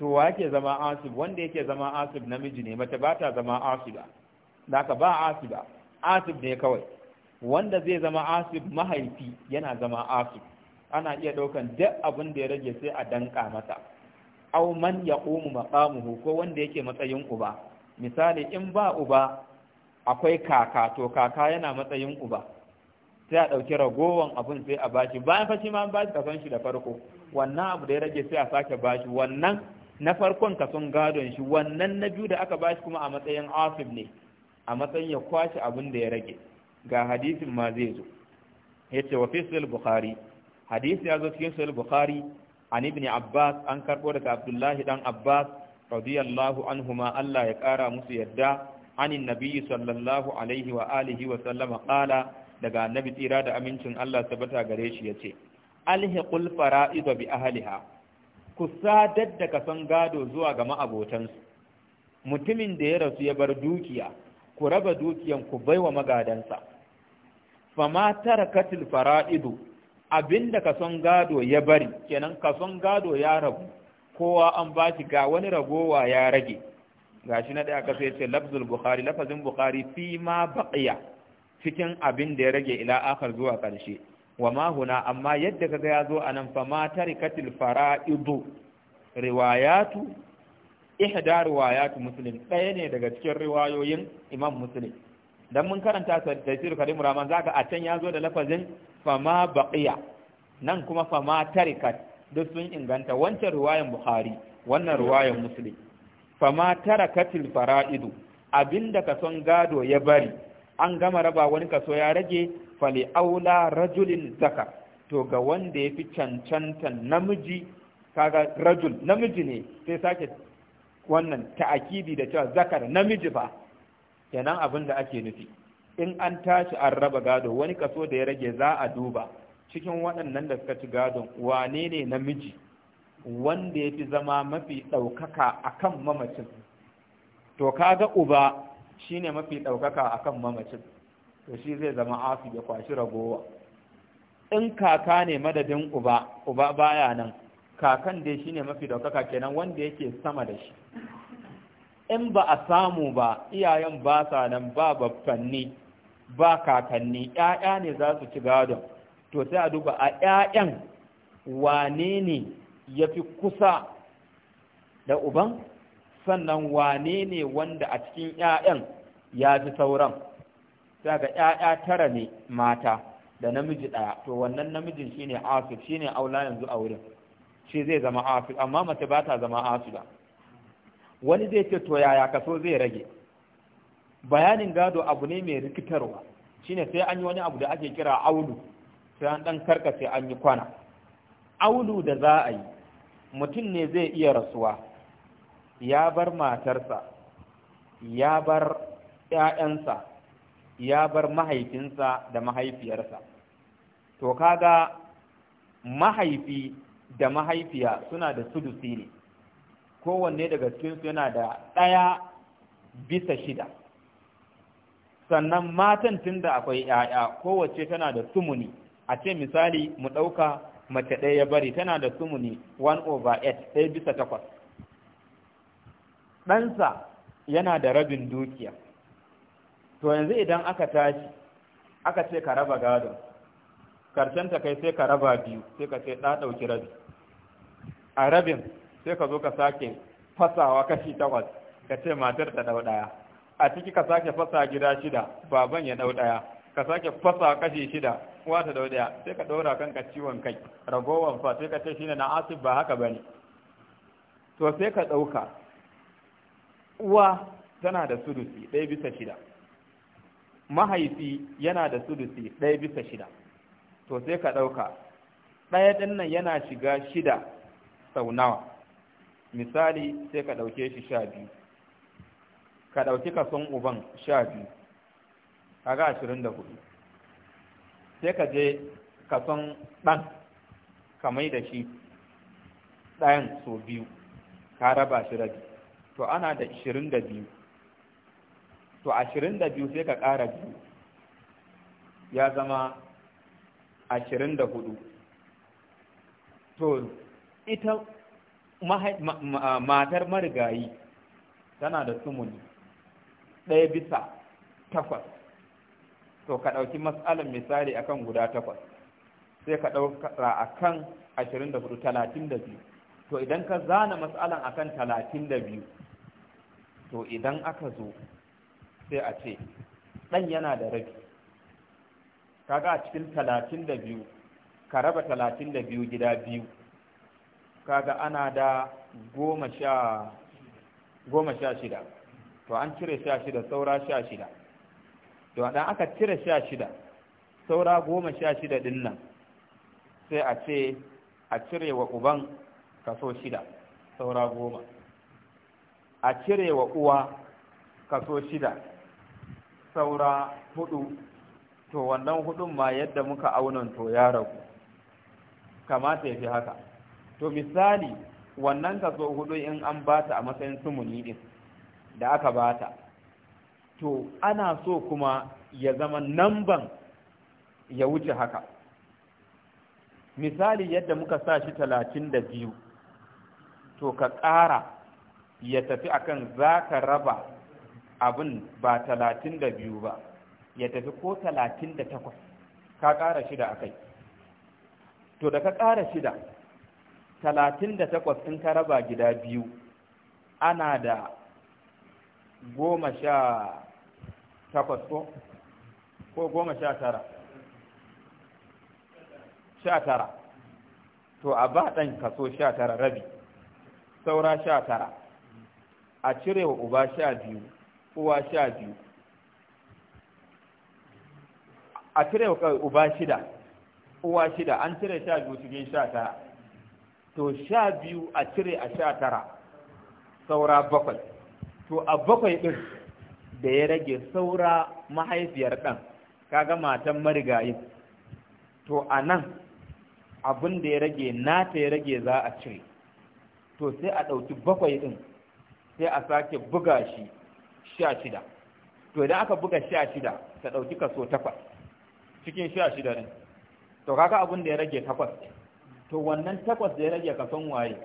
to wa yake zama asib wanda yake zama asib namiji ne mace ba ta zama asiba haka ba asiba asib ne kawai wanda zai zama asib mahaifi yana zama asib ana iya ɗaukan duk abin da ya rage sai a danka mata aw man yaqumu maqamuhu ko wanda yake matsayin uba misali in ba uba akwai kaka to kaka yana matsayin uba sai a ɗauki ragowan abin sai a bashi bayan fashi ma ba shi shi da farko wannan abu da ya rage sai a sake bashi wannan na farkon ka kason gadon shi wannan na biyu da aka ba shi kuma a matsayin asib ne a matsayin ya kwashe abin da ya rage ga hadisin ma zai zo yace wa fi sahih bukhari hadisi ya zo cikin sahih bukhari an ibn abbas an karbo daga abdullahi dan abbas radiyallahu ma Allah ya kara musu yadda an nabiyyi sallallahu alaihi wa alihi wa sallama qala daga annabi tsira da amincin Allah tabbata gare shi yace alhiqul fara'id bi ahliha ku sadar da kasan gado zuwa ga ma'abotansu mutumin da ya rasu ya bar dukiya ku raba dukiyan ku baiwa magadansa fama tarakatil fara'idu abinda kason gado ya bari kenan kason gado ya rabu kowa an ba shi ga wani ragowa ya rage gashi na daya kasa yace lafzul bukhari lafazin bukhari fi ma baqiya cikin abinda ya rage ila akhar zuwa karshe wa huna amma yadda kaga ya zo anan fa ma tarikatil fara'idu riwayatu ihda riwayatu muslim ɗaya ne daga cikin riwayoyin imam muslim dan mun karanta tafsir karim rahman zaka a can ya zo da lafazin fa ma baqiya nan kuma fa ma tarikat duk sun inganta wancan riwayan bukhari wannan riwayan muslim fa ma tarakatil fara'idu abinda ka son gado ya bari an gama raba wani kaso ya rage fali aula rajulin zaka to ga wanda ya fi cancanta namiji kaga rajul namiji ne sai sake wannan ta'akidi da cewa zakar namiji fa kenan abin da ake nufi in an tashi an raba gado wani kaso da ya rage za a duba cikin waɗannan da suka ci gadon wane ne namiji wanda ya fi zama mafi ɗaukaka a kan mamacin to kaga uba Shi ne mafi ɗaukaka a kan mamacin to shi zai zama asu ya kwashi ragowa in kaka ne madadin uba uba baya nan kakan dai ne mafi ɗaukaka kenan wanda yake sama da shi in ba a samu ba iyayen ba sa nan ba babbanni ba kakanni ƴaƴa ne za su ci gadon to sai a duba a ƴaƴan wane ne ya fi kusa da uban sannan wane ne wanda a cikin ‘ya'yan ya ji sauran sai ga ‘ya'ya tara ne mata da namiji ɗaya to wannan namijin shine asif shine aula yanzu a wurin shi zai zama asif amma mace ba ta zama ba. wani zai ce to yaya kaso zai rage bayanin gado abu ne mai rikitarwa shine sai an yi wani abu da ake kira aulu sai an dan karkace an yi kwana aulu da za a yi mutum ne zai iya rasuwa ya bar matarsa ya bar ‘ya'yansa ya bar mahaifinsa da mahaifiyarsa to kaga mahaifi da mahaifiya suna da sudusi ne kowanne daga cikinsu yana da ɗaya bisa shida sannan matan tun da akwai ‘ya'ya kowace tana da sumuni a ce misali mu ɗauka mace ɗaya ya bari tana da sumuni 1 over 8 ɗaya bisa takwas ɗansa yana da rabin dukiya to yanzu idan aka tashi aka ce ka raba gadon ƙarshen ta kai sai ka raba biyu sai ka ce ɗa ɗauki rabi a rabin sai ka zo ka sake fasawa kashi takwas ka ce matar ta ɗau ɗaya a ciki ka sake fasa gida shida baban ya ɗau ɗaya ka sake fasa kashi shida uwa ta ɗau ɗaya sai ka ɗora kanka ciwon kai ragowan fa sai ka ce shine na asib ba haka bane to sai ka ɗauka uwa tana da sudusi ɗaya bisa shida mahaifi yana da sudusi ɗaya bisa shida to sai ka ɗauka ɗaya ɗin nan yana shiga shida sau nawa misali sai ka ɗauke shi sha biyu ka ɗauki kason uban sha biyu kaga ashirin da hudu sai ka je kason ɗan ka mai da shi ɗayan so biyu ka raba shi rabi to ana da ishirin da biyu, to ashirin da biyu sai ka ƙara biyu ya zama ashirin da hudu. to ita matar marigayi tana da sumuni ɗaya bisa takwas to ka ɗauki matsalar misali akan guda takwas sai ka ɗaukara akan ashirin da hudu talatin da biyu to idan ka zana matsalan akan talatin da biyu to idan aka zo sai a ce ɗan yana da rabi kaga a cikin talatin da biyu ka raba talatin da biyu gida biyu kaga ana da goma sha shida to an cire sha shida saura sha shida to dan aka cire sha shida saura goma sha shida din nan sai a ce a cire wa uban kaso shida saura goma a cire wa uwa kaso shida saura hudu to wannan hudun ma yadda muka aunan to ya ragu kamata ya fi haka to misali wannan kaso hudu in an bata a matsayin sumuni din da aka bata to ana so kuma ya zama namban ya wuce haka misali yadda muka sa shi talatin da biyu to ka ƙara ya tafi akan za ka raba abin ba talatin da biyu ba ya tafi ko talatin da takwas ka ƙara shida a kai to da ka ƙara shida talatin da takwas in ka raba gida biyu ana da goma sha takwas ko ko goma sha tara sha tara to a ba ɗan kaso sha tara rabi saura sha tara a cire wa uba sha biyu uwa sha biyu a cire wa uba shida uwa shida an cire sha biyu cikin sha tara to sha biyu a cire a sha tara saura bakwai to a bakwai ɗin da ya rage saura mahaifiyar ɗan kaga matan marigayi. to a nan abin da ya rage nata ya rage za a cire to sai a ɗauki bakwai ɗin sai a sake buga shi sha shida to idan aka buga sha shida ta ɗauki kaso takwas cikin sha shida ne to kaka abin da ya rage takwas to wannan takwas da ya rage kason waye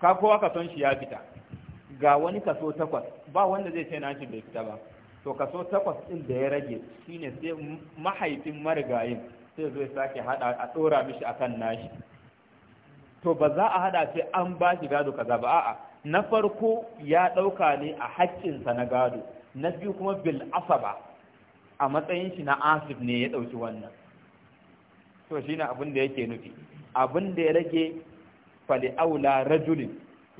ka kowa kason shi ya fita ga wani kaso takwas ba wanda zai ce nashi bai fita ba to kaso takwas ɗin da ya rage shine sai mahaifin marigayin sai zai sake hada a tsora mishi akan nashi to ba za a hada sai an ba shi gado kaza ba a'a na farko ya ɗauka ne a haƙƙinsa na gado na biyu kuma bil asaba a matsayin shi na asif ne ya ɗauki wannan to shi ne abin da yake nufi abin da ya rage fali aula rajulin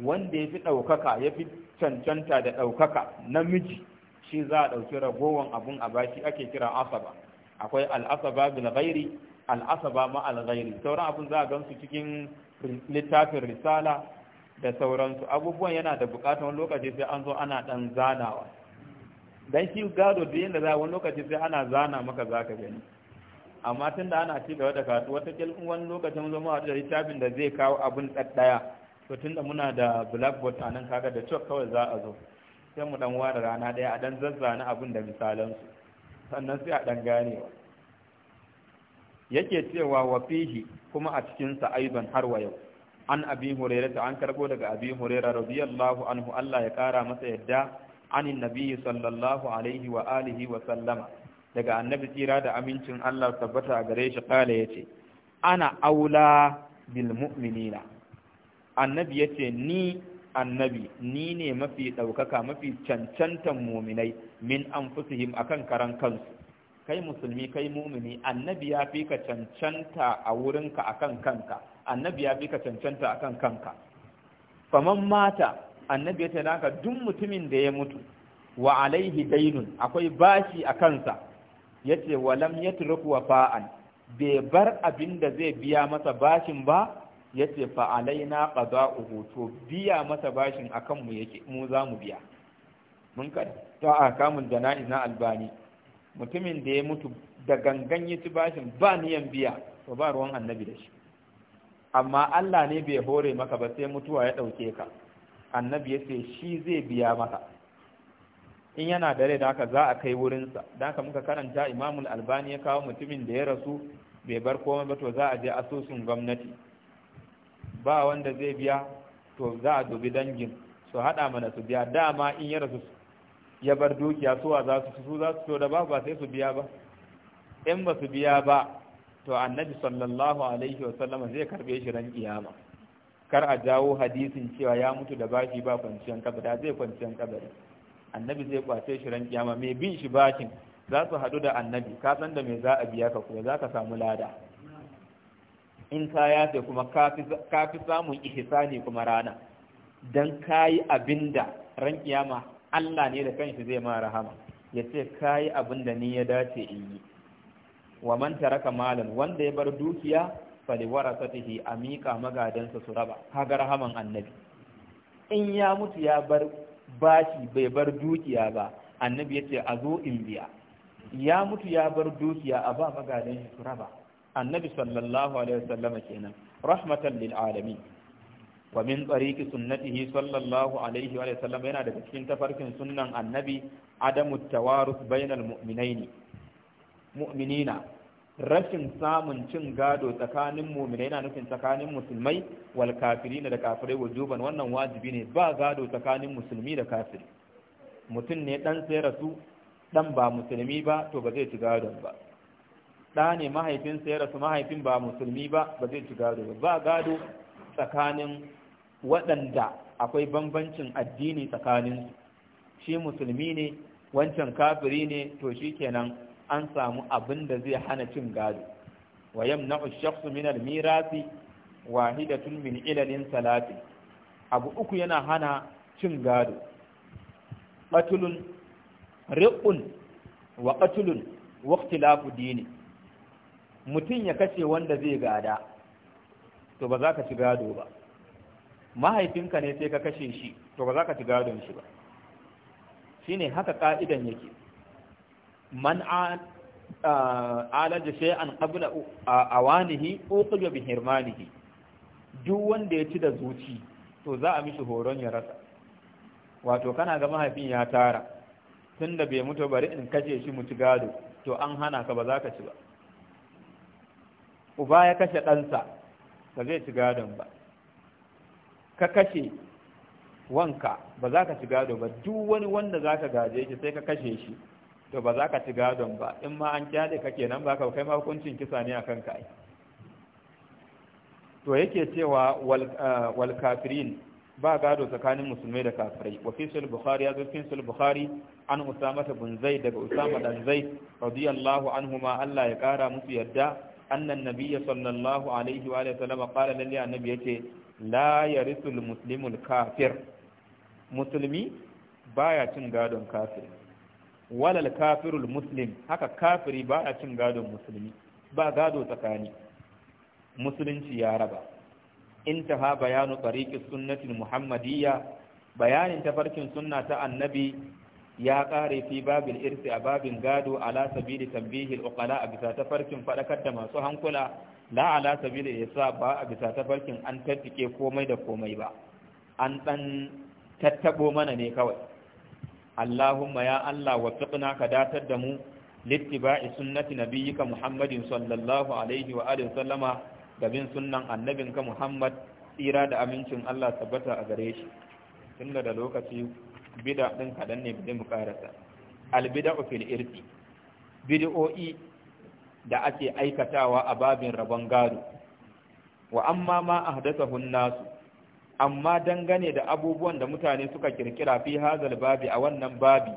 wanda ya fi ɗaukaka ya fi cancanta da ɗaukaka namiji shi za a ɗauki ragowan abun a bashi ake kira asaba akwai al'asaba bil ghairi al'asaba ma al ghairi sauran abun za a gansu cikin littafin risala da sauransu abubuwan yana da bukatar wani lokaci sai an zo ana dan zanawa dan shi gado da yadda za wani lokaci sai ana zana maka za ka gani amma tun da ana ci gaba da kasuwa, wata kilin wani lokacin zama a da littafin da zai kawo abin ɗaya, to tun da muna da blackboard a nan kaga da chalk kawai za a zo sai mu dan ware rana ɗaya a dan zazzana abin da misalansu sannan sai a dan ganewa yake cewa wa fihi kuma a cikinsa aiban har wa yau an abi ta an karbo daga abi hurera radiyallahu anhu Allah ya kara masa yadda anin nabi sallallahu alaihi wa alihi wa sallama daga annabi tsira da amincin Allah tabbata a gare shi kala yace ana aula bil mu'minina annabi yace ni annabi ni ne mafi ɗaukaka mafi cancantan muminai min anfusihim akan karan kansu kai musulmi kai mumini annabi ya fi ka cancanta a wurinka akan kanka annabi ya fi ka cancanta kan kanka faman mata annabi ya ce naka duk mutumin da ya mutu wa alaihi dainun akwai bashi a kansa ya ce walam ya turku fa'an bai bar abin da zai biya masa bashin ba ya ce fa'alai na ƙaza to biya masa bashin a kanmu yake mu za mu biya mun ka ta a kamun da na albani mutumin da ya mutu da gangan ya ci bashin ba niyan biya to ba ruwan annabi da shi amma Allah ne bai hore maka ba sai mutuwa ya ɗauke ka annabi ya ce shi zai biya maka in yana da rai da haka za a kai wurinsa da haka muka karanta imamul albani ya kawo mutumin da ya rasu bai bar komai ba to za a je asusun gwamnati ba wanda zai biya to za a dubi dangin su haɗa mana su biya dama in ya rasu ya bar dukiya suwa za su su za su to da ba ba sai su biya ba in ba su biya ba to annabi sallallahu alaihi wasallama zai karbe shi ran kiyama kar a jawo hadisin cewa ya mutu da bashi ba kwanciyan kabari zai kwanciyan kabari annabi zai kwace shi ran kiyama mai bin shi bakin za su hadu da annabi ka san da me za a biya ka kuma za ka samu lada in ka sai kuma kafi fi samun ihsani kuma rana dan kayi abinda ran kiyama Allah ne da kanshi zai ma rahama ya ce kayi abinda ni ya dace in yi wa man taraka malan wanda ya bar dukiya fali warasatihi a miƙa magadansa su raba kaga rahaman annabi in ya mutu ya bar bashi bai bar dukiya ba annabi yace a zo in biya ya mutu ya bar dukiya a ba magadan su raba annabi sallallahu alaihi wasallama kenan rahmatan lil alamin wa min tariqi sunnatihi sallallahu alaihi wa sallam yana daga cikin tafarkin sunnan annabi adamu tawarus bainal mu'minaini mu'minina rashin samun cin gado tsakanin mu'mina yana nufin tsakanin musulmai wal kafirina da kafirai wajuban wannan wajibi ne ba gado tsakanin musulmi da kafiri mutum ne dan sai rasu dan ba musulmi ba to ba zai ci gadon ba ɗa ne mahaifin sai rasu mahaifin ba musulmi ba ba zai ci gado ba gado tsakanin waɗanda akwai bambancin addini tsakanin shi musulmi ne wancan kafiri ne to shi kenan an samu abin da zai hana cin gado wa yamna'u shakhsu min al-mirasi wahidatun min ilalin salati abu uku yana hana cin gado qatlun riqun wa qatlun wa ikhtilafu dini mutum ya kace wanda zai gada to ba za ka ci gado ba mahaifinka ne sai ka kashe shi to ba za ka ci gadon shi ba shine haka ka'idan yake man alaja شيئا qabla اوانه uqiba bi duk wanda ya ci da zuci to za a mishi horon ya rasa wato kana ga mahaifin ya tara tunda bai mutu bari in kashe shi mu ci gado to an hana ka ba za ka ci ba uba ya kashe ɗansa ba zai ci gadon ba ka kashe wanka ba za ka ci gado ba duk wani wanda za ka gaje shi sai ka kashe shi to ba za ka ci gadon ba in ma an kyale ka kenan ba ka kai ma hukuncin kisa ne akan ka to yake cewa eh, wal kafirin ba gado tsakanin musulmai da kafirai wa fi sul bukhari azu fi sul bukhari an usama bin zaid daga usama dan zaid radiyallahu anhuma Allah ya kara musu yadda annan nabiyyi sallallahu alaihi wa alihi sallama qala lillahi annabi yace la yarisul muslimul kafir musulmi baya cin gadon kafiri walal kafirul muslim haka kafiri ba a cin gadon musulmi ba gado tsakani musulunci ya raba intaha bayanu tariqi sunnatin muhammadiyya bayanin tafarkin sunna ta annabi ya kare fi babin irsi a babin gado ala sabili tambihi al a bisa tafarkin faɗakar da masu hankula la ala sabili sa ba a bisa tafarkin an tattike komai da komai ba an ɗan tattabo mana ne kawai Allahumma ya Allah waffiqna ka datar da mu littiba'i sunnati nabiyyika Muhammadin sallallahu alaihi wa alihi da bin sunnan ka Muhammad tsira da amincin Allah tabbata a gare shi tunda da lokaci bid'a din kadan ne bidin mu karasa al bid'u fil irti bid'o'i da ake aikatawa a babin rabon gado wa amma ma ahdathahu nasu amma dangane da abubuwan da mutane suka kirkira fi hazal babi a wannan babi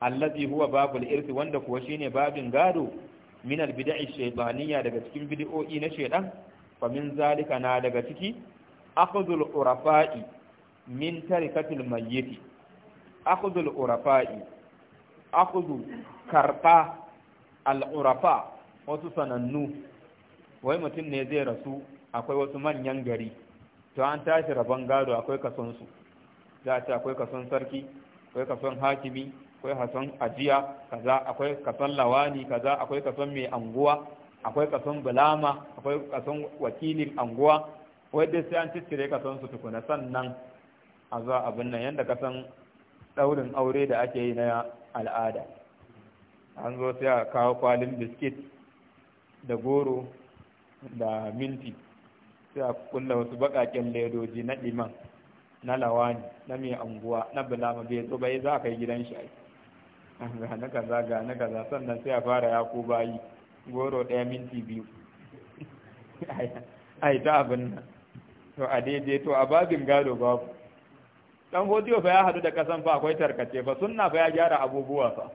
allazi huwa babul irsi wanda kuwa shine babin gado min albid'i shaytaniyya daga cikin bid'o'i na shaydan fa min zalika na daga ciki akhdhul urafa'i min tarikatil mayyit akhdhul urafa'i akhdhu karba al urafa wasu sanannu wai mutum ne zai rasu akwai wasu manyan gari to an tashi rabon gado akwai kason su za a ce akwai kason sarki akwai kason hakimi akwai kason ajiya kaza akwai kason lawani kaza akwai kason mai anguwa akwai kason bulama akwai kason wakilin anguwa wadda sai an ciccire kason su tukuna sannan a zuwa abin nan yadda kasan daurin aure da ake yi na al'ada an zo sai a kawo kwalin biskit da goro da minti sai a kulla wasu baƙaƙen ledoji na liman na lawani na mai anguwa na bulama bai zo bai eh, za ka yi gidan shi ai ga na kaza ga na kaza sannan sai a fara ya ko bayi goro ɗaya minti biyu ai ta abin nan to a daidai to a babin gado babu dan hodiyo fa ya hadu da kasan fa akwai tarkace fa sunna fa ya gyara abubuwa fa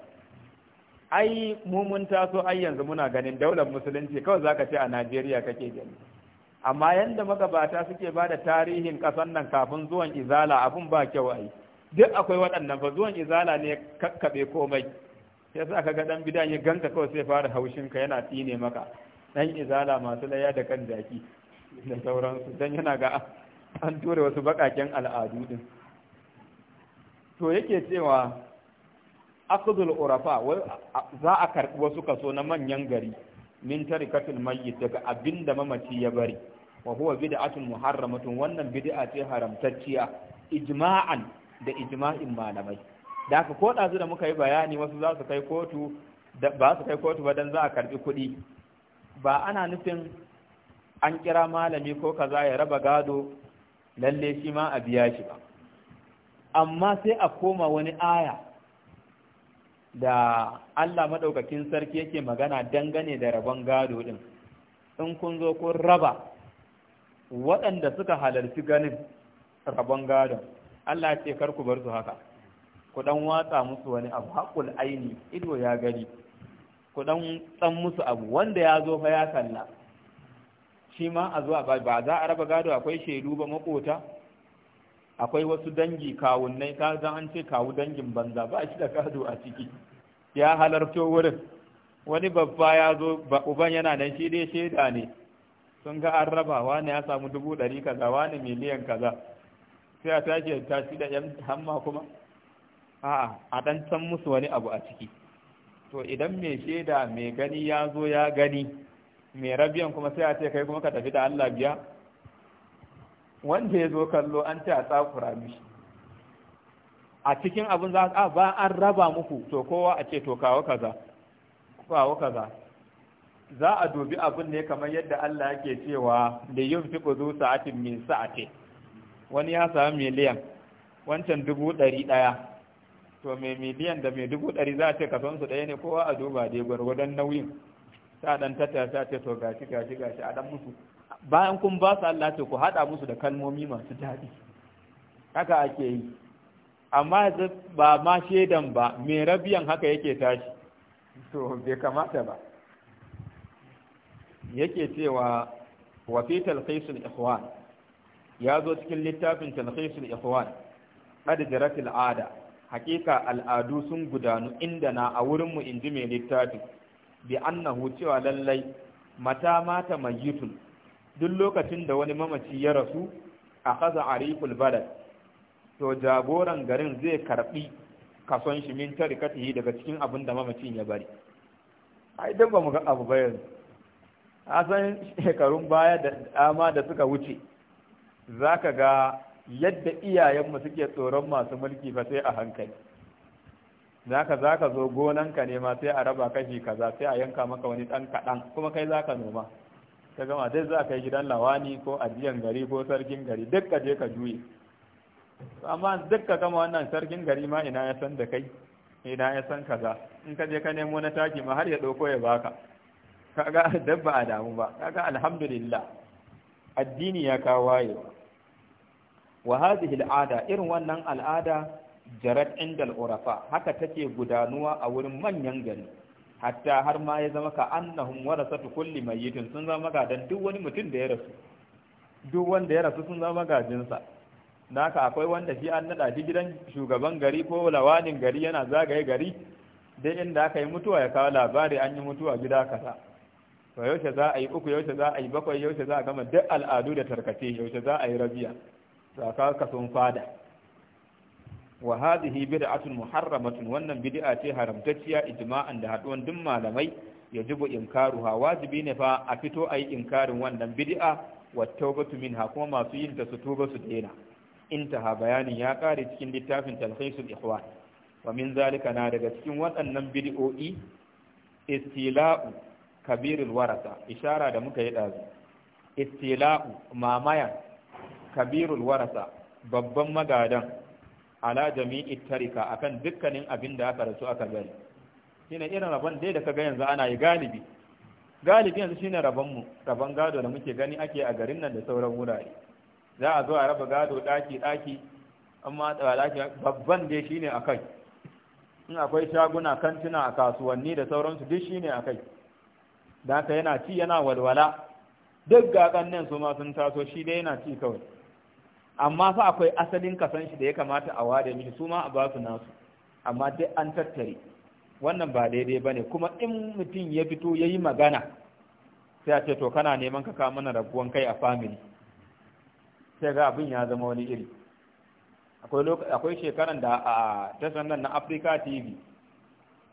ai mu mun taso ai yanzu muna ganin daular musulunci kawai zaka ce a Najeriya kake gani amma yanda magabata suke ba da tarihin ƙasar nan kafin zuwan izala abun ba kyau ai duk akwai waɗannan fa zuwan izala ne kakkaɓe komai sai sa kaga dan bidan ya ganka kawai sai fara haushin ka yana tsine maka dan izala masu laya da kan jaki da sauransu dan yana ga an tura wasu bakaken al'adu din to yake cewa akhdul urafa za a karbi wasu kaso na manyan gari min tarikatul mayyit daga abinda mamaci ya bari wa huwa bid'atun muharramatun wannan bid'a ce haramtacciya ijma'an da ijma'in malamai da haka ko da muka yi bayani wasu za su kai kotu ba su kai kotu ba dan za a karbi kuɗi ba ana nufin an kira malami ko kaza ya raba gado lalle shi ma a biya shi ba amma sai a koma wani aya da Allah madaukakin sarki yake magana dangane da rabon gado din in kun zo kun raba waɗanda suka halarci ganin rabon gado. Allah ce kar ku bar su haka ku dan watsa musu wani abu haƙul aini ido ya gani ku dan tsan musu abu wanda ya zo fa ya kalla shi ma a zuwa ba za a raba gado akwai shaidu ba makota akwai wasu dangi kawunnai ka zan an ce kawu dangin banza ba shi da gado a ciki ya halarto wurin wani babba ya zo uban yana nan shi dai shaida ne sun ga an raba wani ya samu dubu ɗari kaza wani miliyan kaza sai a tashi ta shi da yan hamma kuma a'a a dan san musu wani abu a ciki to idan mai shaida mai gani ya zo ya gani mai rabiyan kuma sai a ce kai kuma ka tafi da Allah biya wanda ya zo kallo an ce a tsakura mishi a cikin abin za a ba an raba muku to kowa a ce to kawo kaza kawo kaza za a dubi abin ne kamar yadda Allah yake cewa da yin fi kuzu sa'atin min sa'ati wani ya sami miliyan wancan dubu ɗari ɗaya to mai miliyan da mai dubu ɗari za a ce kason su ɗaya ne kowa a duba dai gwargwadon nauyin ta ɗan tattara ta ce to gashi gashi gashi a ɗan musu bayan kun ba su Allah ce ku haɗa musu da kalmomi masu daɗi haka ake yi amma ba ma shaidan ba mai rabiyan haka yake tashi to bai kamata ba yake cewa wa fi talqisul ikhwan ya zo cikin littafin talqisul ikhwan qad jarat ada hakika al'adu sun gudanu inda na a wurin mu inji mai littafi, bi annahu cewa lallai mata mata mayyitun duk lokacin da wani mamaci ya rasu a kaza ariful balad to jagoran garin zai karbi kason shi min tarikatihi daga cikin abin mamacin ya bari ai dan ba mu ga abu ba a san shekarun baya da dama da suka wuce za ka ga yadda iyayenmu suke tsoron masu mulki ba sai a hankali zaka za ka zo gonanka ne ma sai a raba kashi kaza sai a yanka maka wani ɗan kaɗan kuma kai za ka noma ka gama dai za ka yi gidan lawani ko ajiyan gari ko sarkin gari duk ka je ka juye amma duk ka gama wannan sarkin gari ma ina ya san da kai ina ya san kaza in ka je ka nemo na taki ma har ya ɗauko ya baka kaga dabba a damu ba kaga alhamdulillah addini ya kawo waye. wa hadhihi al'ada irin wannan al'ada jarat inda al'urafa haka take gudanuwa a wurin manyan gari hatta har ma ya zama ka annahum warasatu kulli mayyitin sun zama gadan duk wani mutum da ya rasu duk wanda ya rasu sun zama gajinsa naka akwai wanda shi an nada shi gidan shugaban gari ko lawanin gari yana zagaye gari dai inda aka yi mutuwa ya kawo labari an yi mutuwa gida kaza to yaushe za a yi uku yaushe za a yi bakwai yaushe za a gama duk al'adu da tarkace yaushe za a yi rabiya saka sun fada wa hadhihi bid'atun muharramatun wannan bid'a ce haramtacciya ijma'an da haduwan duk malamai yajibu inkaruha wajibi ne fa a fito a ayi inkarin wannan bid'a wa tawbatu minha kuma masu yin ta su tuba su daina intaha bayanin ya kare cikin littafin talhisul ikhwan wa min zalika na daga cikin waɗannan bid'o'i istila'u kabirul warasa ishara da muka yi ɗazu istila'u mamaya kabirul warasa babban magadan ala jami'i tarika akan dukkanin abin da aka rasu aka gari shine irin rabon dai da ka ga yanzu ana yi galibi galibi yanzu shine rabon mu rabon gado da muke gani ake a garin nan da sauran wurare za a zo a raba gado daki daki amma daki babban dai a kai. in akwai shaguna kantuna a kasuwanni da sauransu duk shine akai da haka yana ci yana walwala duk gagan su ma sun taso shi dai yana ci kawai amma fa akwai asalin kasan shi da ya kamata a ware mini su ma a ba su nasu amma dai an tattare wannan ba daidai ba ne kuma in mutum ya fito ya yi magana sai a ce to kana neman ka ka mana rabuwan kai a family sai ga abin ya zama wani iri akwai shekaran da a tashar na Africa TV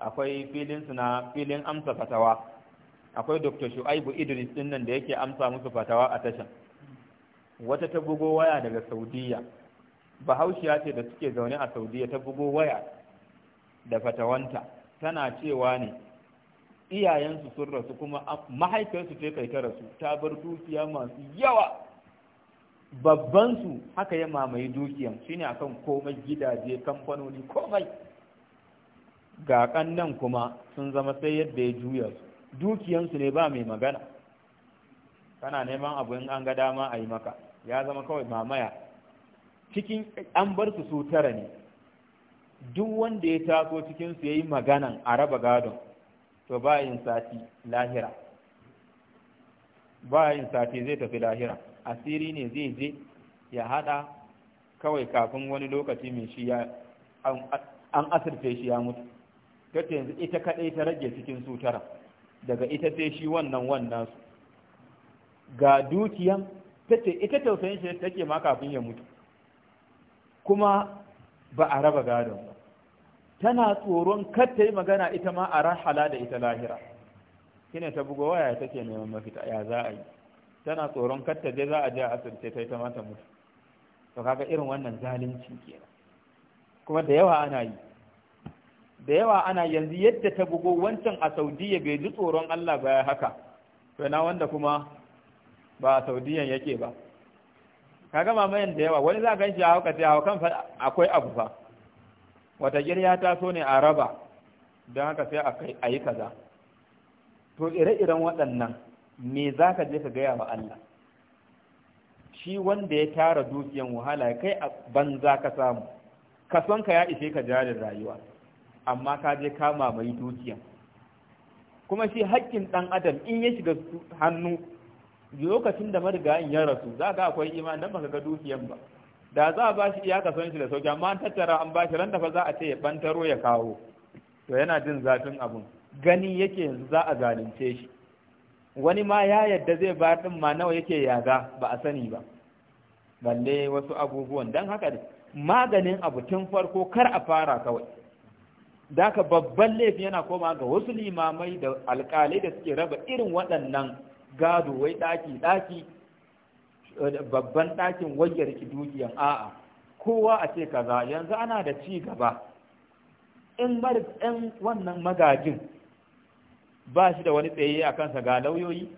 akwai filinsu na filin amsa fatawa akwai dr shu'aibu idris din nan da yake amsa musu fatawa a tashan wata ta bugo waya daga saudiya bahaushiya ce da suke zaune a saudiya ta bugo waya da fatawanta tana cewa ne iyayensu sun rasu kuma mahaifiyarsu ce kai ta rasu ta bar dukiya masu yawa babbansu haka ya mamaye dukiyan shine akan komai gidaje kamfanoni komai ga kannan kuma sun zama sai yadda ya juya su dukiyansu ne ba mai magana kana neman abu in an ga dama a yi maka ya zama kawai mamaya cikin an bar su tara ne duk wanda ya taso cikin su yayi maganan a raba gadon to ba yin sati lahira ba yin sati zai tafi lahira asiri ne zai je ya hada kawai kafin wani lokaci mai shi ya an asirce shi ya mutu ta ita kaɗai ta rage cikin sutara. daga ita sai shi wannan wannan su ga dukiyan ce ita tausayin shi take ma kafin ya mutu kuma ba a raba gadon ba tana tsoron kar ta yi magana ita ma a rahala da ita lahira Kina ta bugo waya take neman mafita ya za a yi tana tsoron kar ta je za a je a asibiti ta yi ta mata mutu to kaga irin wannan zalunci kenan kuma da yawa ana yi da yawa ana yanzu yadda ta bugo wancan a saudiya bai ji tsoron Allah ba ya haka to na wanda kuma ba a saudiyan yake ba kaga mamayan da yawa wani za gan shi a hauka sai haukan akwai abu fa wata girya ta so ne a raba don haka sai a yi kaza to ire-iren waɗannan me za ka je ka gaya wa Allah shi wanda ya tara dukiyan wahala kai a banza ka samu ka ya ishe ka jarin rayuwa amma ka je ka mamaye dukiya kuma shi haƙƙin ɗan adam in ya shiga hannu lokacin da marigayin ya rasu za ga akwai iman dan baka ga dukiyan ba da za a bashi iyaka son shi da sauki amma an tattara an bashi ran za a ce ya bantaro ya kawo to yana jin zafin abun gani yake yanzu za a zalunce shi wani ma ya yadda zai ba din ma nawa yake yaga ba a sani ba balle wasu abubuwan dan haka maganin abu tun farko kar a fara kawai daka babban laifi yana koma ga wasu limamai da alƙalai da suke raba irin waɗannan gado wai ɗaki ɗaki babban ɗakin wayar ki dukiyan a'a kowa a ce kaza yanzu ana da ci gaba in mar in wannan magajin ba shi da wani tsaye a kansa ga lauyoyi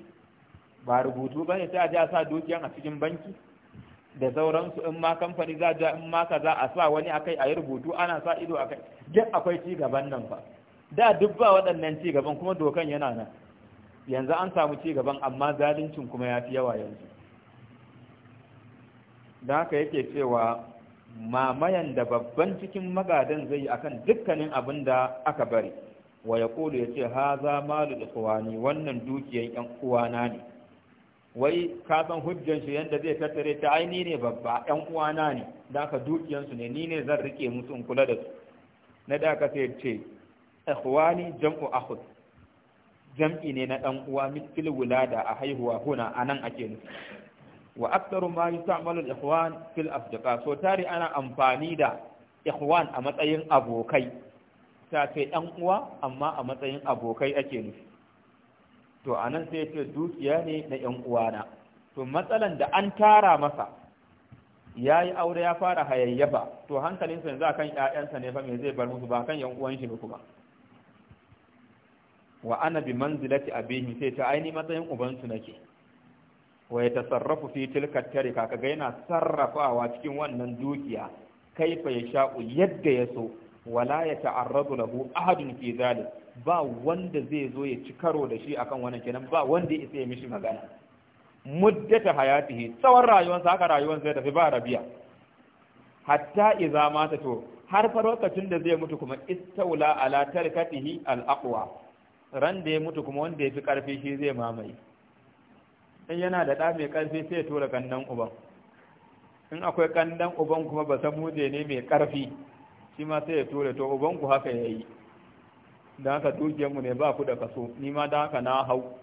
ba rubutu ba ne sai a sa dukiyan a cikin banki da sauransu in ma kamfani za ja in ma za a sa wani akai a yi rubutu ana sa ido akai duk akwai ci gaban nan fa da duk ba waɗannan ci gaban kuma dokan yana nan yanzu an samu ci gaban amma zaluncin kuma ya fi yawa yanzu da haka yake cewa mamayan da babban cikin magadan zai yi akan dukkanin abin da aka bari wa ya ya ce ha za malu wannan dukiyar yan uwana ne wai ka san hujjan shi yanda zai tattare ta ni ne babba ɗan uwana ne da ka dukiyansu ne ni ne zan rike musu in kula da su na da ka sai ce ikhwani jam'u akhud jam'i ne na ɗan uwa mitil wulada a haihuwa huna a ake nufi wa aktaru ma yusta'malu ikhwan fil asdiqa so tari ana amfani da ikhwan a matsayin abokai ta ce ɗan uwa amma a matsayin abokai ake nufi to anan sai ya ce dukiya ne na ‘yan uwana to matsalan da an tara masa ya yi aure ya fara hayayyafa to hankalinsa yanzu kan ‘ya'yansa ne fa me zai bar musu ba kan ‘yan uwan shi kuma wa ana bi manzilati abihi sai ta aini matsayin ubansu nake wa ya tasarrafu fi tare kaka ga yana sarrafawa cikin wannan dukiya fa ya sha'u yadda ya so wala ya ta'arrazu lahu ahadun fi zalik ba wanda zai zo ya ci karo da shi akan wannan kenan ba wanda ya ya mishi magana muddata hayatihi tsawon rayuwarsa haka rayuwarsa ya tafi ba rabiya hatta idza mata to har fa lokacin da zai mutu kuma istaula ala tarkatihi al aqwa ran da ya mutu kuma wanda ya fi karfi shi zai mamaye in yana da ɗa mai karfi sai ya tura kandan uban in akwai kandan uban kuma ba san muje ne mai karfi shi ma sai ya tura to uban ku haka yayi Da haka mu ne ba ku da kaso ni ma da haka na hau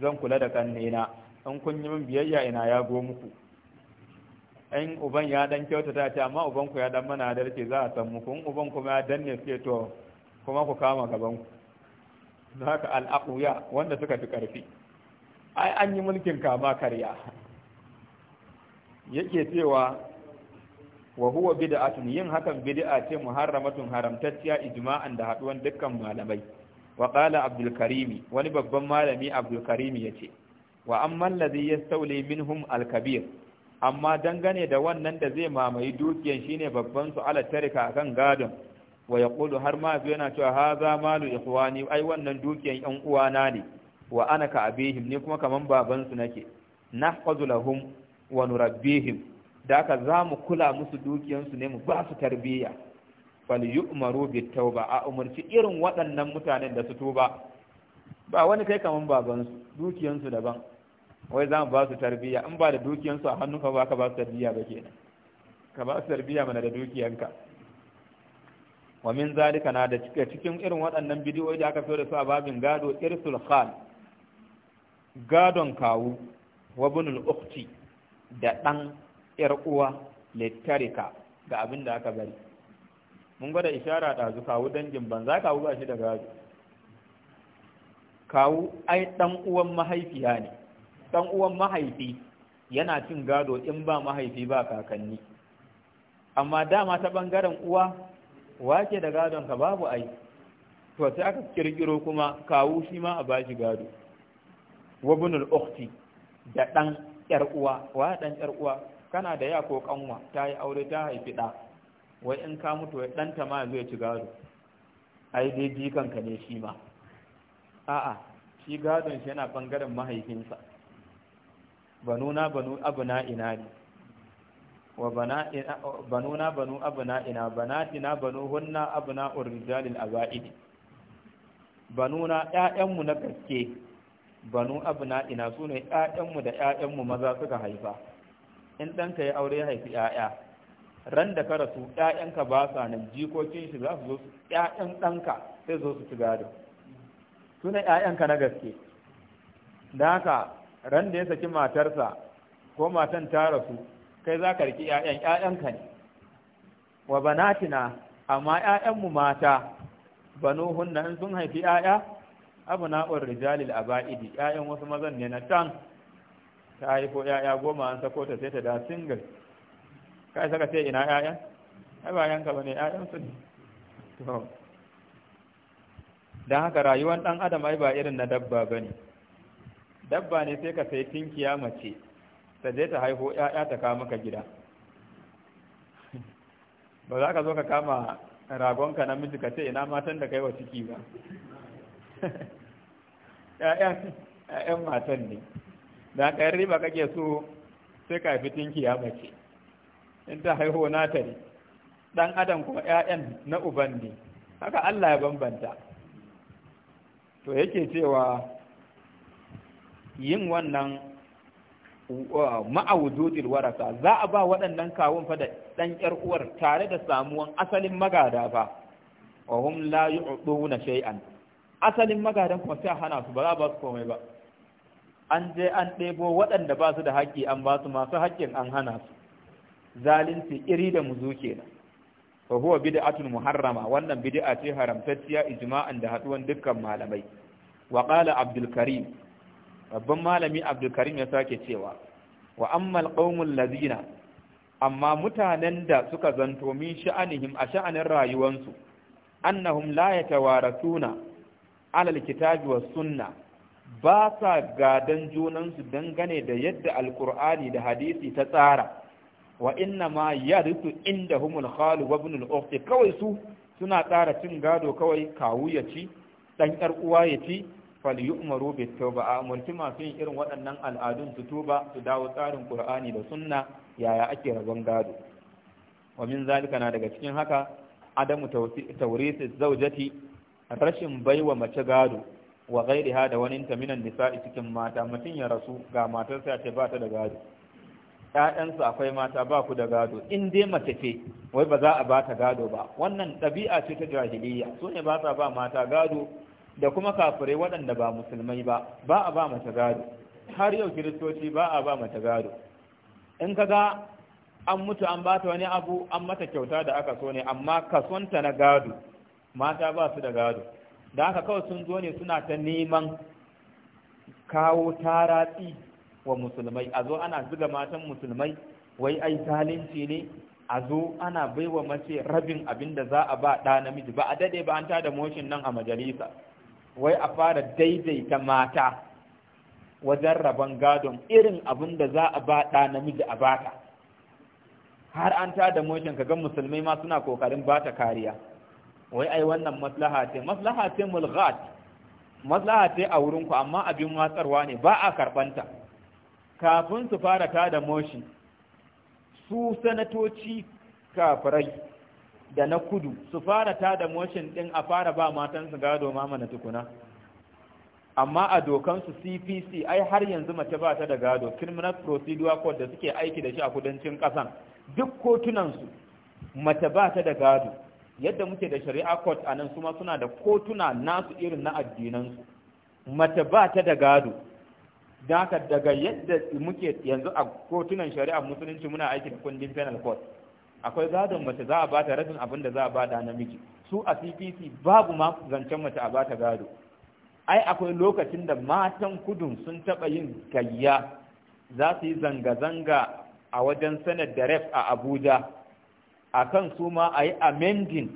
zan kula da kannena an kun yi min biyayya ina ya go muku in uban ya dan kyautata ce amma uban ku ya dan mana adalci za a san muku in uban kuma ya danne suke to kuma ku kama gaban ku da haka al'aquya wanda suka fi karfi ai an yi mulkin kama karya yake cewa wa huwa bid'atun yin hakan bid'a ce muharramatun haramtacciya ijma'an da haduwan dukkan malamai wa qala abdul wani babban malami abdul ya yace wa amma allazi yastawli minhum al kabir amma dangane da wannan da zai mamaye dukiyan shine babban su ala tarika akan gadon wa yaqulu har ma yana cewa haza malu ikhwani ai wannan dukiyan yan uwana ne wa ana ka abihim ne kuma kaman baban su nake nahfazu lahum wa nurabbihim da aka za mu kula musu dukiyansu ne mu ba su tarbiyya fal yu'maru bit tauba a umarci irin waɗannan mutanen da su tuba ba wani kai kaman su dukiyansu daban wai za mu ba su tarbiyya in ba da dukiyansu a hannunka ba ka ba su tarbiyya ba kenan ka ba su tarbiyya mana da dukiyanka wa min zalika na da cikin irin waɗannan bidiyoyi da aka fito da su a babin gado irsul khal gadon kawu wa bunul ukhti da dan 'yar uwa littarika ga abin da aka bari mun gwada ishara ɗazu kawu dangin banza kawu ba shi da gado kawu ai ɗan uwan mahaifiya ne ɗan uwan mahaifi yana cin gado in ba mahaifi ba kakanni amma dama ta ɓangaren uwa wake da gadon ka babu ai to sai aka kirkiro kuma kawu shi ma a bashi gado wabunul ukhti da ɗan ƴar uwa wa ɗan ƴar uwa kana da ya ko kanwa ta yi aure ta haifi ɗa wai in ka mutu wai ɗanta ma zai ci gado ai dai ka ne shi ma a'a shi gadon shi yana bangaren mahaifinsa na banu na ina ne wa na banu na ina na banu hunna abuna urrijalil aba'idi banuna ƴaƴanmu na gaske banu na ina su ne ƴaƴanmu da ƴaƴanmu maza suka haifa in ɗanka ya aure ya haifi ‘ya'ya ran da ka rasu ‘ya'yanka ba sa nan jikokin shi za su zo su ‘ya'yan ɗanka sai zo su ci gado su ne ‘ya'yanka na gaske da haka ran da ya saki matarsa ko matan ta rasu kai za ka riki ‘ya'yan ‘ya'yanka ne wa banatina amma ‘ya'yanmu mata banuhunna in sun haifi ‘ya'ya abu na'ur rijalil aba'idi ‘ya'yan wasu mazan ne na can ta haifo ‘ya'ya goma an sako ta sai ta da single kai saka sai ina ‘ya'yan ai ba yanka ba ne su ne don haka rayuwar ɗan adam ai ba irin na dabba ba ne dabba ne sai ka sai tinkiya mace ta je ta haifo ‘ya'ya ta kama ka gida ba za ka zo ka kama ragonka namiji ka ce ina matan da kai wa ciki ba ‘ya'yan matan ne da ɗayar riba kake so sai ka fi tinki ya bace in ta haihu na ta ne ɗan adam kuma ƴaƴan na uban ne haka Allah ya bambanta to yake cewa yin wannan ma'aududil warasa za a ba waɗannan kawun fa da ɗan ƴar uwar tare da samuwan asalin magada fa wa hum la yu'tuna shay'an asalin magadan kuma sai hana su ba za ba su komai ba an je an ɗebo waɗanda ba su da haƙƙi an ba su masu haƙƙin an hana su zalunci iri da muzu kenan fa huwa bid'atun muharrama wannan bid'a ce haramtacciya ijma'an da haduwan dukkan malamai wa qala abdul babban malami Abdulkarim ya sake cewa wa ammal qaumul ladina amma mutanen da suka zanto min sha'anihim a sha'anin rayuwansu annahum la yatawarasuna alal kitabi was sunna ba sa gadon junansu dangane da yadda alkur'ani da hadisi ta tsara wa inna ma ya rufu inda humul khalu wa ibn kawai su suna tsara cin gado kawai kawu ya ci ɗan yar uwa ya ci yu'maru bit tauba a mulki masu yin irin waɗannan al'adun su tuba su dawo tsarin qur'ani da sunna yaya ake rabon gado wa min zalika na daga cikin haka adamu tawrisi zaujati rashin baiwa mace gado wa ghairiha da wani ta minan nisa'i cikin mata mutum ya rasu ga matarsa ya ce ba ta da gado ƴaƴansu akwai mata ba ku da gado in dai mace ce wai ba za a ba ta gado ba wannan ɗabi'a ce ta jahiliya su ne ba sa ba mata gado da kuma kafirai waɗanda ba musulmai ba ba a ba mace gado har yau kiristoci ba a ba mace gado in ka ga an mutu an ba ta wani abu an mata kyauta da aka so ne amma kasonta na gado mata ba su da gado da haka kawai sun zo ne suna ta neman kawo taratsi wa musulmai a zo ana zuga matan musulmai wai ai zalunci ne a zo ana baiwa mace rabin abin da za a ba ɗa namiji ba a dade ba an tada moshin nan a majalisa wai a fara daidaita mata wajen rabon gadon irin abin da za a ba ɗa namiji a bata har an tada moshin ga musulmai ma suna kokarin bata kariya wai ai wannan maslaha ce maslaha ce mulghat maslaha ce a wurin ku amma abin watsarwa ne ba a karbanta kafin su fara tada moshi su sanatoci kafirai da na kudu su fara tada moshin din a fara ba matan su gado mama na tukuna amma a dokansu cpc ai har yanzu mace ba ta da gado criminal procedure code da suke aiki da shi a kudancin kasan duk kotunan su mace ba ta da gado yadda muke da shari'a court a nan suna da kotuna nasu irin na addinansu mace ba ta da gado haka daga yadda muke yanzu a kotunan shari'a musulunci muna aiki da kundin penal court akwai gadon mace za a ba ta rashin abin da za a ba da namiji su a cpc babu ma zancen mace a ba ta gado ai akwai lokacin da matan kudun sun taɓa yin gayya za su yi zanga-zanga a wajen sanar da ref a abuja akan su ma a yi amendin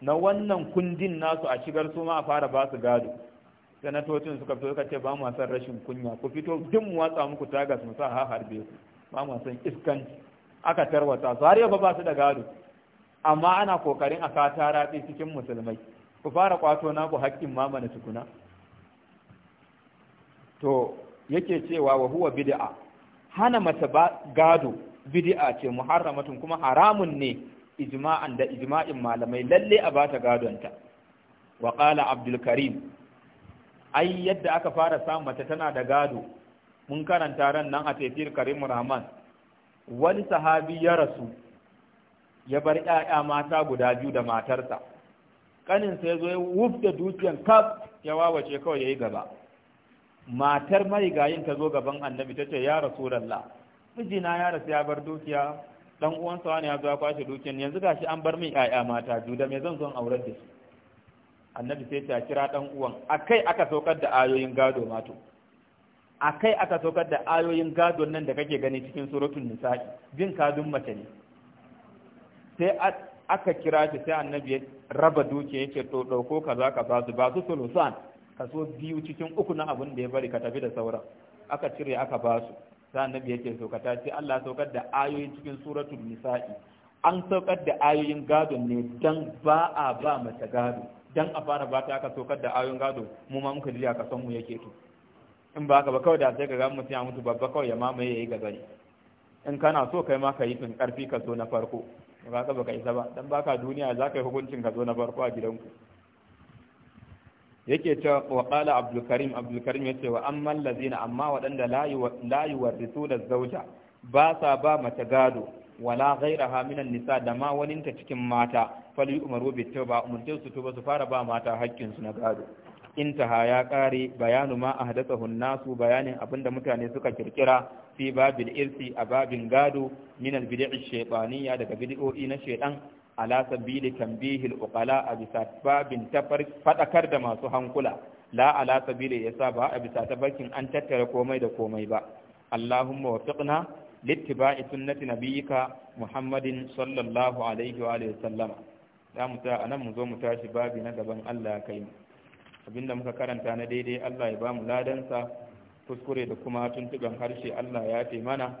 na wannan kundin nasu a shigar su ma a fara ba su gado sanatocin suka fito suka ce ba mu san rashin kunya ku fito duk mu watsa muku tagas mu sa ha harbe ku ba mu san iskanci aka tarwata su har yau ba su da gado amma ana kokarin a kata rabi cikin musulmai ku fara kwato naku haƙƙin mamana tukuna to yake cewa wa huwa bid'a hana mace ba gado bid'a ce muharramatun kuma haramun ne ijma'an da ijma'in malamai lalle a bata gadonta wa qala abdul karim ai yadda aka fara samu mata tana da gado mun karanta ran nan a tafsir karim rahman wani sahabi ya rasu ya bar 'ya'ya mata guda biyu da matarsa Ƙaninsa ya zo ya wufta dukiyan kaf ya wawace kawai yayi gaba matar marigayin ta zo gaban annabi ta ce ya rasulallah mijina ya rasu ya bar dukiya dan uwansa wani ya zo ya kwashe dukiyan yanzu gashi an bar min ƴaƴa mata biyu me zan zo aurar da su annabi sai ta kira dan uwan akai aka saukar da ayoyin gado mato akai aka saukar da ayoyin gado nan da kake gani cikin suratul nisa'i jin kadun mace ne sai aka kira shi sai annabi ya raba dukiya yace to dauko kaza ka ba su ba su sulusan kaso biyu cikin uku na abin da ya bari ka tafi da sauran aka cire aka ba su sai nabi yake saukata sai Allah saukar da ayoyin cikin suratul nisa'i an saukar da ayoyin gado ne dan ba a ba mace gado dan a fara ba ta aka saukar da ayoyin gado mu ma muka jiya san mu yake to in ba ka ba kawai da sai ka ga mutum ya mutu babba kawai ya mamaye yayi ne in kana so kai ma ka yi tun karfi ka zo na farko ba ka ba ka isa ba dan baka duniya za ka yi hukuncin ka zo na farko a gidanku yake ta wa abdulkarim abdulkarim ya abdul an malla wa amma waɗanda la yuwarrisu da zauja ba sa ba mace gado wala ghairaha minan nisa da ma waninta cikin mata fali umaru bi tauba umurce su tuba su fara ba mata hakkin su na gado intaha ya kare bayanu ma ahdathahu nasu bayanin abinda mutane suka kirkira fi babin irsi a babin gado min albid'i shaytaniyya daga bid'o'i na shaiɗan. ala sabili tambihil uqala a bisa babin fadakar da masu hankula la ala sabili yasa ba a bisa tabarkin an tattara komai da komai ba allahumma waffiqna littiba'i sunnati nabiyyika muhammadin sallallahu alaihi wa alihi sallama mu ta anan mu zo mu tashi babi na gaban Allah ya kai mu abinda muka karanta na daidai Allah ya ba mu ladansa kuskure da kuma tuntuban harshe Allah ya fi mana